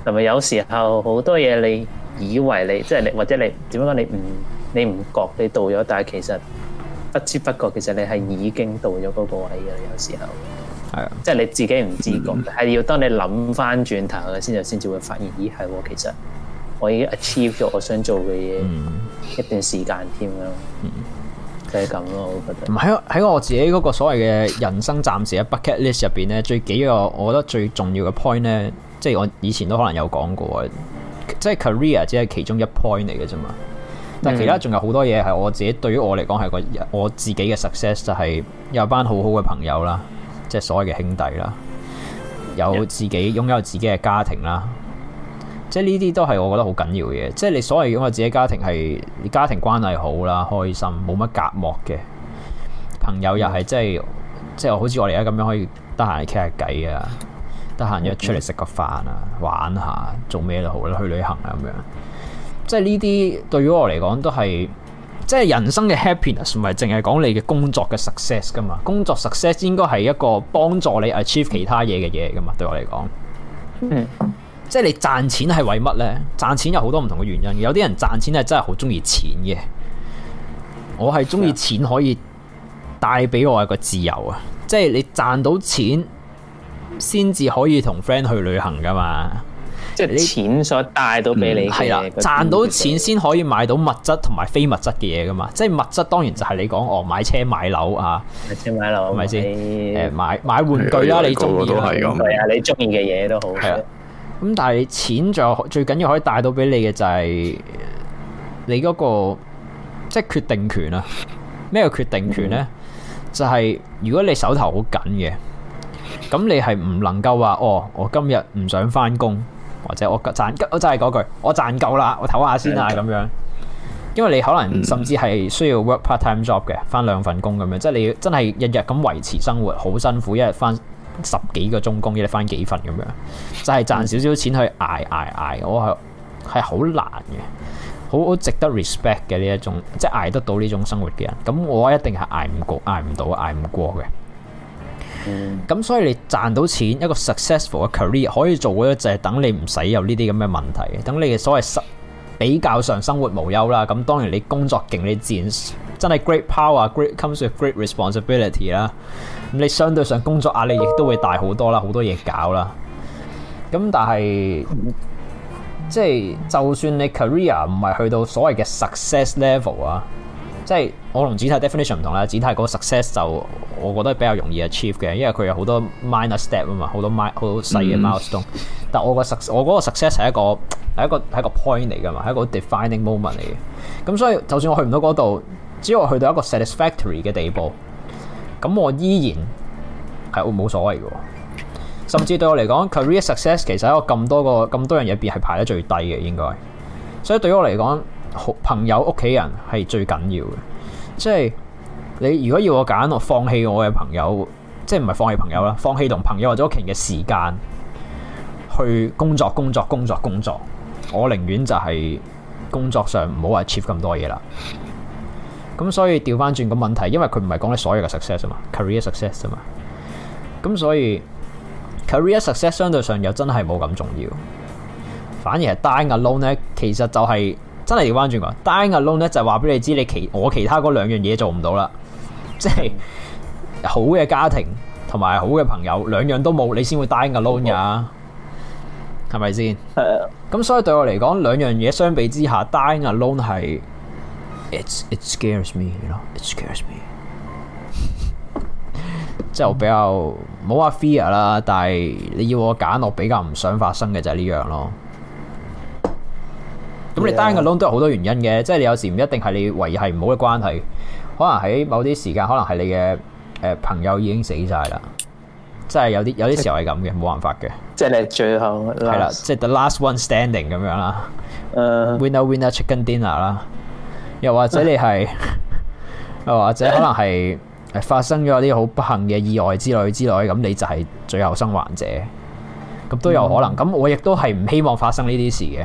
係咪有，有，有時候好多嘢你以為你即係、就係、你或者你點樣講你唔你唔覺你到咗，但係其實不知不覺其實你係已經到咗嗰個位嘅，有時候。係， 即係你自己唔知嘅，係 要當你諗翻轉頭嘅，先就先至會發現，咦係喎。其實我已經 achieve 咗我想做嘅嘢、嗯、一段時間添咯，嗯、就係咁咯。我覺得唔係喺我自己嗰個所謂嘅人生暫時嘅 bucket list 入邊咧，最幾個我覺得最重要嘅 point 咧，即係我以前都可能有講過，即係 career 只係其中一 point 嚟嘅啫嘛。但係其他仲有好多嘢係我自己對於我嚟講係個我自己嘅 success，就係有一班好好嘅朋友啦。即係所謂嘅兄弟啦，有自己擁有自己嘅家庭啦，即係呢啲都係我覺得好緊要嘅。即係你所謂擁有自己嘅家庭係家庭關係好啦，開心冇乜隔膜嘅朋友又係即係即係好似我哋而家咁樣可以得閒傾下偈啊，得閒約出嚟食個飯啊，玩下做咩都好啦，去旅行啊咁樣。即係呢啲對於我嚟講都係。即係人生嘅 happiness 唔係淨係講你嘅工作嘅 success 噶嘛，工作 success 應該係一個幫助你 achieve 其他嘢嘅嘢噶嘛，對我嚟講，嗯，即係你賺錢係為乜呢？賺錢有好多唔同嘅原因，有啲人賺錢係真係好中意錢嘅，我係中意錢可以帶俾我一個自由啊，嗯！即係你賺到錢先至可以同 friend 去旅行噶嘛。即係錢所帶到俾你係啦，賺、嗯、到錢先可以買到物質同埋非物質嘅嘢噶嘛。即係物質當然就係你講哦，買車買樓啊，買車買樓係咪先？誒，買買，買，買玩具啦，你中意啦，係、那、啊、個，你中意嘅嘢都好係啊，咁、嗯、但係錢就最緊要可以帶到俾你嘅就係你嗰、那個即係、就是、決定權啊。咩叫決定權咧、嗯？就係、是、如果你手頭好緊嘅，咁你係唔能夠話哦，我今日唔想翻工。或者我賺，我真係嗰句，我賺夠啦，我唞下先啊咁樣。因為你可能甚至係需要 work part time job 嘅，翻兩份工咁樣，即係你真係日日咁維持生活好辛苦，一日翻十幾個鐘工，一日翻幾份咁樣，就係賺少少錢去捱捱捱、捱，我係係好難嘅，好好值得 respect 嘅呢一種，即係捱得到呢種生活嘅人，咁我一定係捱唔過、捱唔到、捱唔過嘅。咁所以你賺到錢，一個 successful 嘅 career 可以做咧，就係等你唔使有呢啲咁嘅問題，等你嘅所謂比較上生活無憂啦。咁當然你工作勁，你自然真係 great power，great comes with great responsibility 啦。咁你相對上工作壓力亦都會大好多啦，好多嘢搞啦。咁但係即係就算你 career 唔係去到所謂嘅 success level 啊。即係我子的同子泰 definition 唔同啦，子泰嗰個 success 就我覺得比較容易 achieve 嘅，因為佢有好多 minus step 啊嘛，好多 min 好多細嘅 milestone，嗯。但我個 success，我個 success 係一個係一個係一個 point 嚟噶嘛，係一個 defining moment 嚟嘅。咁所以就算我去唔到嗰度，只要我去到一個 satisfactory 嘅地步，咁我依然係會冇所謂嘅。甚至對我嚟講，career success 其實喺我咁多個咁多樣嘢入邊係排得最低嘅，應該。所以對於我嚟講，朋友屋企人係最緊要嘅，即係你如果要我揀，我放棄我嘅朋友，即係唔係放棄朋友啦，放棄同朋友或者屋企嘅時間去工作，工作，工作，工作，我寧願就係工作上唔好話 a c h e 咁多嘢啦。咁所以調翻轉個問題，因為佢唔係講你所有嘅 success 啊嘛，career success 啊嘛，咁所以 career success 相對上又真係冇咁重要，反而係 d y i n alone 呢，其實就係、是。真係調翻轉個，Dying alone 咧，就話俾你知，你其我其他嗰兩樣嘢做唔到啦，即係好嘅家庭同埋好嘅朋友，兩樣都冇，你先會 Dying alone 呀？係咪先？咁、yeah. 所以對我嚟講，兩樣嘢相比之下，Dying alone 係，it it scares me，you know it scares me you know? 即係我比較冇話 fear 啦，但係你要我揀，我比較唔想發生嘅就係呢樣咯。咁你 dying alone 都有好多原因嘅，即係你有時唔一定係你維繫唔好嘅關係，可能喺某啲時間，可能係你嘅誒朋友已經死晒啦，即係有啲有啲時候係咁嘅，冇辦法嘅。即係你最後係啦，即係 the last one standing 咁樣啦，誒 winner winner chicken dinner 啦，又或者你係又、uh, 或者可能係發生咗啲好不幸嘅意外之類之類，咁你就係最後生還者，咁都有可能。咁我亦都係唔希望發生呢啲事嘅。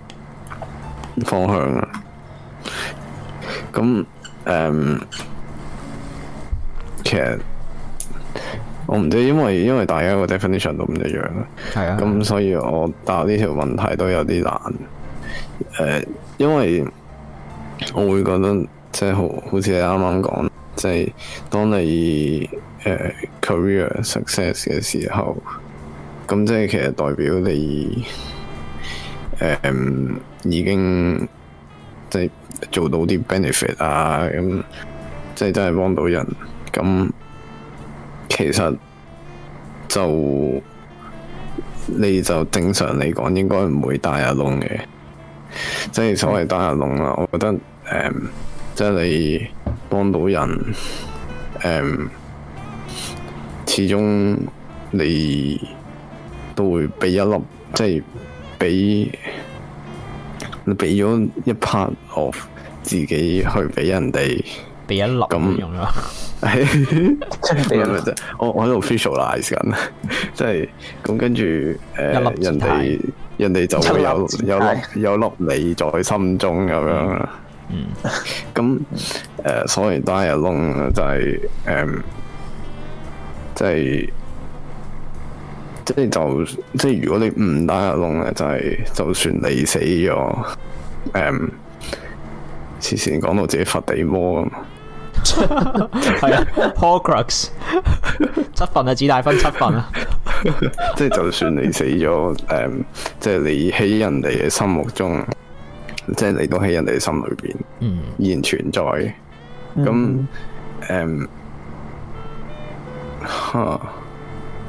方向咁誒、嗯，其實我唔知，因為因為大家個 definition 都唔一樣啊。係啊。咁所以，我答呢條問題都有啲難。誒、嗯，因為我會覺得即係好好似你啱啱講，即係當你誒、呃、career success 嘅時候，咁即係其實代表你誒。嗯已經即係做到啲 benefit 啊，咁即係真係幫到人。咁其實就你就正常嚟講，應該唔會帶阿窿嘅。即係所謂帶阿窿啦，我覺得誒、嗯，即係你幫到人，誒、嗯，始終你都會俾一粒，即係俾。俾咗一 part of 自己去俾人哋，俾一粒咁樣。 不是 不是 我 我喺度 visualize 緊，即係咁跟住誒，人哋人哋就會有粒有有粒你在心中咁樣。嗯，咁誒，所 以、uh, die alone 就係、是、誒，即係。即係就即係如果你唔打入窿咧，就係、是、就算你死咗，誒，事前講到自己佛地魔咁。嘛、 嗯 哎，係啊，Horcrux 七份啊，只大分七份啊，即 係 就算你死咗，誒、um,，即係你喺人哋嘅心目中，即 係你都喺人哋嘅心裏邊，嗯，依然存在，咁，誒，吓。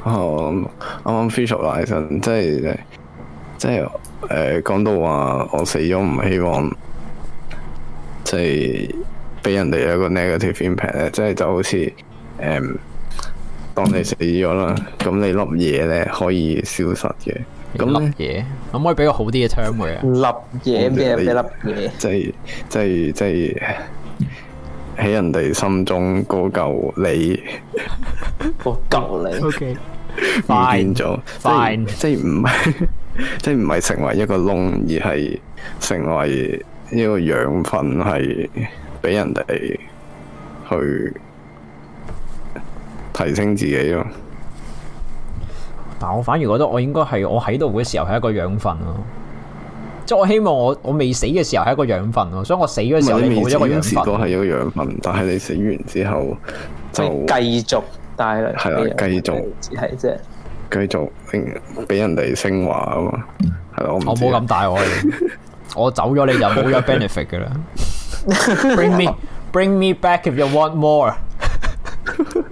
啱啱 f a t a l i e 神，即係即係誒，講、呃、到話我死咗唔希望，即係俾人哋有個 negative impact 咧，即係就好似誒、嗯，當你死咗啦，咁、嗯、你粒嘢咧可以消失嘅。咁粒嘢，可唔可以俾個好啲嘅槍佢啊？粒嘢咩咩粒嘢？即係即係即係。喺人哋心中嗰嚿你，嗰嚿你，OK，變咗，即係即係唔係，即係唔係成為一個窿，而係成為一個養分，係俾人哋去提升自己咯、啊。但我反而覺得我應該係我喺度嘅時候係一個養分啊。即我希望我我未死嘅時候係一個養分咯，所以我死嘅時候你冇一個養分。時都係一個養分，但係你死完之後就繼續帶係啦，繼續係即係繼續俾人哋升華啊嘛，係啦我冇咁大我，我，我， 我走咗你就冇咗 benefit 噶啦。Bring me, bring me back if you want more.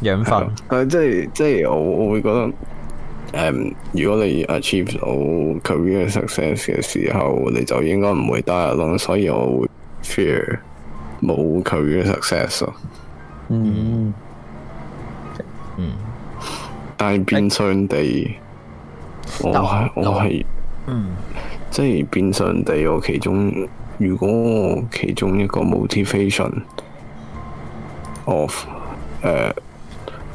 引發，誒、yeah,，即係即係我我會覺得，誒、um,，如果你 achieve 到 career success 嘅時候，你就應該唔會 die alone，所以我會 fear 冇 career success 咯。嗯，嗯，但係變相地我，mm-hmm. 我係我係，嗯、mm-hmm.，即係變相地，我其中如果我其中一個 motivation，of 誒、uh,。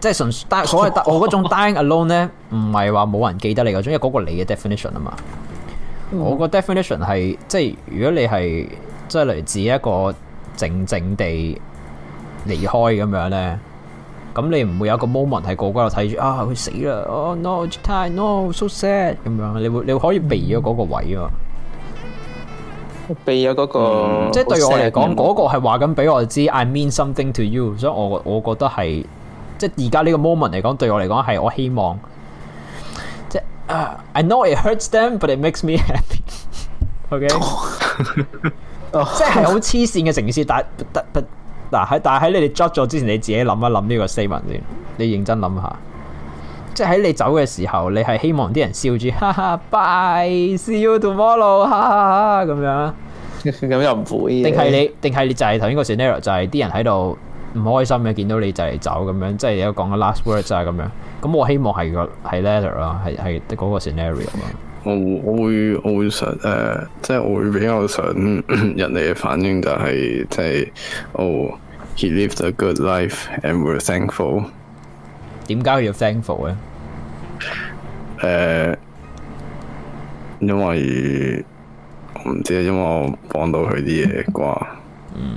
即係純單，我我嗰種 dying alone 咧，唔係話冇人記得你嗰種，因為嗰個你嘅 definition 啊嘛。Mm-hmm. 我個 definition 係即係，如果你係即係嚟自一個靜靜地離開咁樣咧，咁你唔會有個 moment 喺嗰度睇住啊，佢死啦哦、oh, no, too no, so sad 咁樣，你會你可以避咗嗰個位啊。避咗嗰、嗰個，嗯、即係對我嚟講，嗰、嗰個係話緊俾我知，I mean something to you，所以我我覺得係。即係而家呢個 moment 嚟講，對我嚟講係我希望。即係、uh, I know it hurts them，but it makes me happy。OK， 即係好黐線嘅城市，但但但嗱喺係喺你哋 judge 咗之前，你自己諗一諗呢個 statement 先，你認真諗下。即係喺你走嘅時候，你係希望啲人笑住，哈哈，bye，see you tomorrow，哈哈哈咁樣。咁又唔會？定係你？定係你，你就係頭先嗰個 scenario，就係啲人喺度。唔開心嘅，見到你就嚟走咁樣，即係有講個 last words 啊咁樣。咁我希望係個係 letter 啦，係係嗰個 scenario。我我會我會想誒、呃，即係我會比較想人哋嘅反應就係、是、即係哦、oh, he lived a good life and we're thankful。點解要 thankful 咧？誒、呃，因為我唔知啊，因為我幫到佢啲嘢啩。 嗯。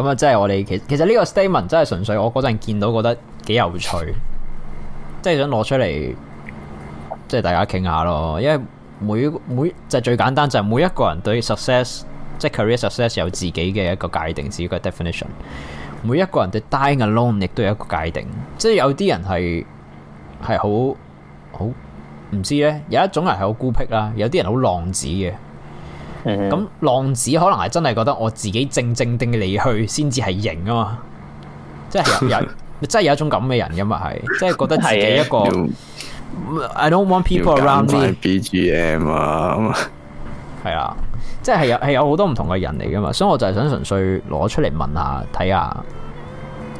咁啊，即係我哋其其實呢個 statement 真係純粹，我嗰陣見到覺得幾有趣，即係想攞出嚟，即係大家傾下咯。因為每每即係最簡單就係每一個人對 success，即係 career success 有自己嘅一個界定，自己個 definition。每一個人對 dying alone 亦都有一個界定，即係有啲人係係好好唔知咧，有一種人係好孤僻啦，有啲人好浪子嘅。咁浪子可能係真係覺得我自己正正定嘅離去先至係型啊嘛，即係有，真係 有一種咁嘅人噶嘛，係即係覺得自己一個。 I don't want people around me。BGM 啊，係啊，即係有，係有好多唔同嘅人嚟噶嘛，所以我就係想純粹攞出嚟問下睇下，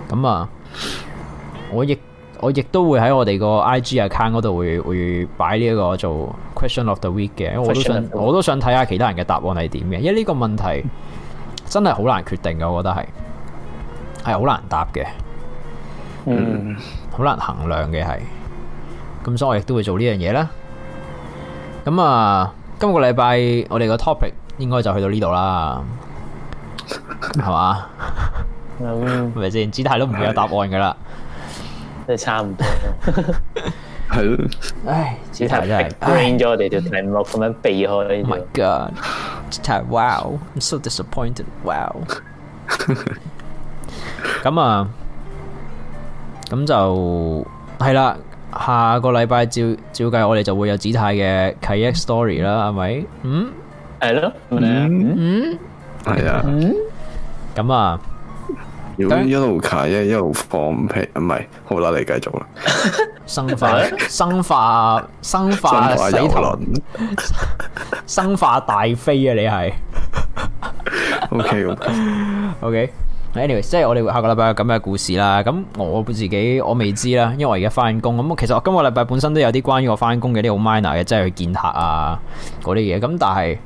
咁啊，我亦。我亦都會喺我哋個 I G 啊 account 嗰度會會擺呢一個做 question of the week 嘅，我都想我都想睇下其他人嘅答案係點嘅，因為呢個問題真係好難決定嘅，我覺得係係好難答嘅，嗯，好難衡量嘅係。咁所以我亦都會做呢樣嘢啦。咁啊，今個禮拜我哋個 topic 應該就去到呢度啦，係 嘛？係咪先？姿 態都唔會有答案噶啦。都差唔多，好。唉，G 太真係 bring 咗我哋條屏幕咁樣避開。My God！G 太 wow！I'm so disappointed. Wow！咁啊，咁就係啦。下個禮拜照照計，我哋就會有 G 太嘅啟頁 story 啦，係咪？嗯，係咯。嗯，係啊。咁啊。一一路卡一一路放屁，唔係，好啦，你繼續啦。生化生化生化死團，生化大飛啊！你係。OK OK Anyway，即係我哋會下個禮拜有咁嘅故事啦。咁我自己我未知啦，因為我而家翻工。咁其實我今個禮拜本身都有啲關於我翻工嘅啲 minor 嘅，即係去見客啊嗰啲嘢。咁但係。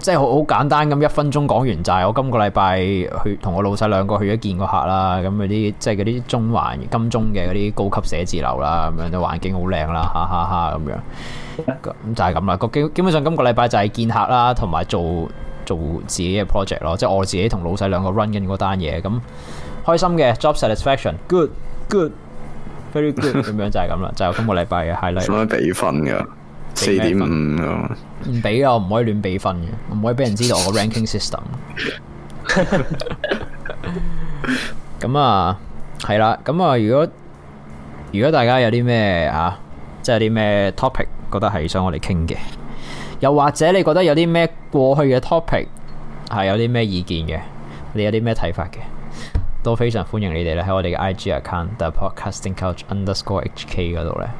即係好好簡單咁，一分鐘講完就係、是、我今個禮拜去同我老細兩個去咗見個客啦。咁嗰啲即係嗰啲中環金鐘嘅嗰啲高級寫字樓啦，咁樣啲環境好靚啦，哈哈哈咁樣。咁就係咁啦。個基基本上今個禮拜就係見客啦，同埋做做自己嘅 project 咯。即係我自己同老細兩個 run 緊嗰單嘢，咁開心嘅 job satisfaction，good good，very good，good。咁 樣就係咁啦。就係、我今個禮拜嘅 highlight。做咩比分噶？四點五唔俾啊，我唔可以亂俾分嘅，唔可以俾人知道我個 ranking system。 咁 啊，係啦，咁啊，如果如果大家有啲咩啊，即係有啲咩 topic，覺得係想我哋傾嘅，又或者你覺得有啲咩過去嘅 topic 係有啲咩意見嘅，你有啲咩睇法嘅，都非常歡迎你哋咧喺我哋嘅 IG account，The podcasting couch underscore hk 嗰度咧。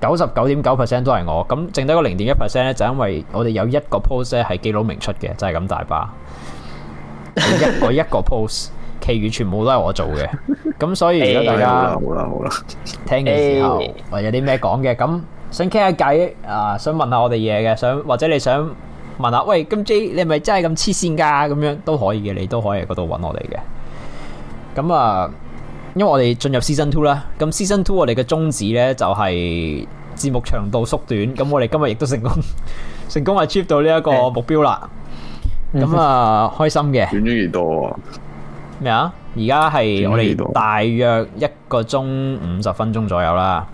九十九點九 percent 都係我，咁剩低個零點一 percent 咧，就因為我哋有一個 post 咧係基佬明出嘅，就係咁大把，一個一個 post，其餘全部都係我做嘅，咁所以如果大家好啦好啦，聽嘅時候或者有啲咩講嘅，咁想傾下偈啊，想問下我哋嘢嘅，想或者你想問下，喂，咁 J 你係咪真係咁黐線噶，咁樣都可以嘅，你都可以喺嗰度揾我哋嘅，咁啊。因為我哋進入 season two 啦，咁 season two 我哋嘅宗旨呢就係節目長度縮短，咁我哋今日亦都成功成功係 achieve 到呢一個目標啦，咁啊開心嘅。短咗幾多啊？咩啊？而家係我哋大約一個鐘五十分鐘左右啦。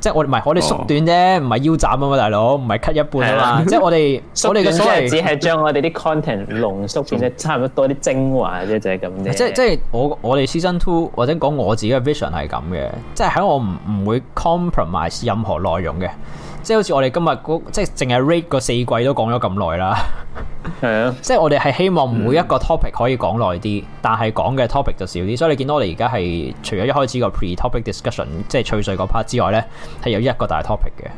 即係我唔係我哋縮短啫，唔、哦、係腰斬啊嘛，大佬，唔係 cut 一半啊嘛。即係我哋縮短，即 係所謂只係將我哋啲 content 濃縮變咗差唔多多啲精華啫，就係咁啫。即係即係我我哋 Season Two 或者講我自己嘅 vision 係咁嘅，即係喺我唔唔會 compromise 任何內容嘅。即係好似我哋今日即係淨係 rate 個四季都講咗咁耐啦。係啊，即係我哋係希望每一個 topic 可以講耐啲，但係講嘅 topic 就少啲。所以你見到我哋而家係除咗一開始個 pre topic discussion 即係吹水嗰 part 之外咧，係有一個大 topic 嘅。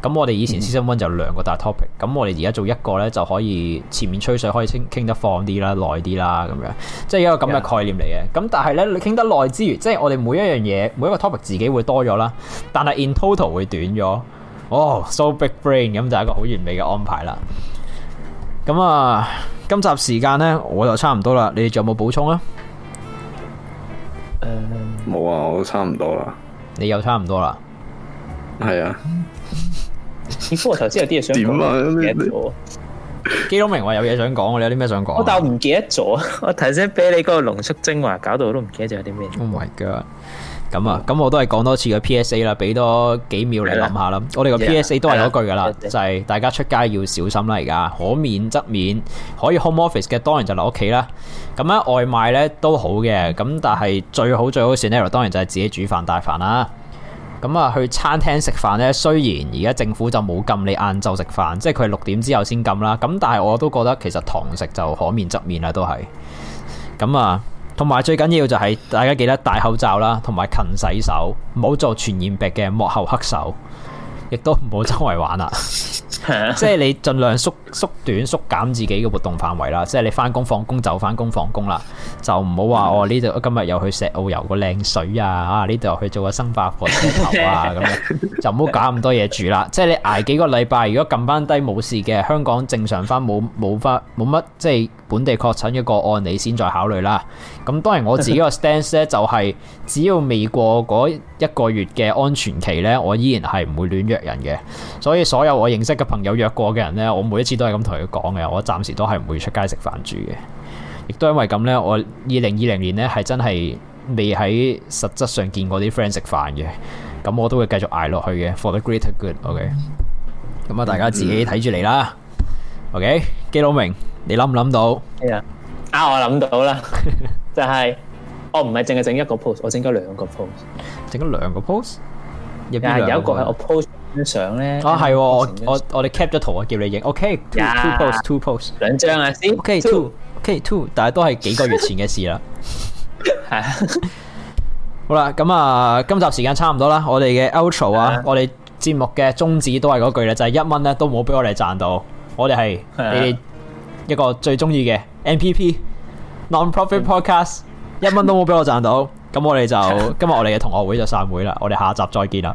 咁我哋以前 season one 就兩個大 topic，咁、嗯、我哋而家做一個咧就可以前面吹水可以傾傾得放啲啦，耐啲啦，咁樣即係一個咁嘅概念嚟嘅。咁、嗯、但係咧，你傾得耐之餘，即係我哋每一樣嘢每一個 topic 自己會多咗啦，但係 in total 會短咗。哦、oh，so big brain，咁就係一個好完美嘅安排啦。咁啊，今集時間呢，我就差唔多啦。你哋仲有冇補充啊？冇、嗯、啊，我都差唔多啦。你又差唔多啦？係啊。不過頭先有啲嘢想點啊？唔記得咗。基隆明話有嘢想講、哦，你有啲咩想講？但係我唔記得咗。我頭先俾你嗰個濃縮精華，搞到我都唔記得咗有啲咩。Oh my god！咁啊，咁我都係講多次個 P.S.A 啦，俾多幾秒嚟諗下啦。我哋個 P.S.A 都係嗰句噶啦，就係、是、大家出街要小心啦。而家可免則免，可以 home office 嘅，當然就留屋企啦。咁咧、啊、外賣咧都好嘅，咁但係最好最好選咧，當然就係自己煮飯帶飯啦。咁啊，去餐廳食飯咧，雖然而家政府就冇禁你晏晝食飯，即係佢係六點之後先禁啦。咁但係我都覺得其實堂食就可免則免啦，都係。咁啊。同埋最緊要就係大家記得戴口罩啦，同埋勤洗手，唔好做傳染病嘅幕後黑手，亦都唔好周圍玩啦。即係你盡量縮縮短、縮減自己嘅活動範圍啦。即係你翻工、放工就翻工、放工啦，就唔好話哦呢度今日又去石澳游個靚水啊！啊呢度去做個生化火車頭啊！咁 樣就唔好搞咁多嘢住啦。 即係你挨幾個禮拜，如果撳翻低冇事嘅，香港正常翻冇冇翻冇乜即係本地確診一個案，你先再考慮啦。咁當然我自己個 stance 咧，就係、是、只要未過嗰一個月嘅安全期咧，我依然係唔會亂約人嘅。所以所有我認識嘅。朋友約過嘅人咧，我每一次都係咁同佢講嘅，我暫時都係唔會出街食飯住嘅，亦都因為咁咧，我二零二零年咧係真係未喺實質上見過啲 friend 食飯嘅，咁我都會繼續挨落去嘅，for the greater good。OK，咁啊，大家自己睇住嚟啦。OK，基佬明，你諗唔諗到？哎呀，啊我諗到啦，就係我唔係淨係整一個 post，我整咗兩個 post，整咗兩個 post，啊有一個係 oppose。張相咧啊係、嗯、我的我哋 cap 咗圖啊叫你影 OK two two post two post 兩張啊先 OK two, two OK two 但係都係幾個月前嘅事啦，係 好啦，咁啊今集時間差唔多啦，我哋嘅 outro 啊的我哋節目嘅宗旨都係嗰句咧就係、是、一蚊咧都冇俾我哋賺到，我哋係你哋一個最中意嘅 NPP non-profit podcast 一蚊都冇俾我賺到，咁我哋就 今日我哋嘅同學會就散會啦，我哋下集再見啦。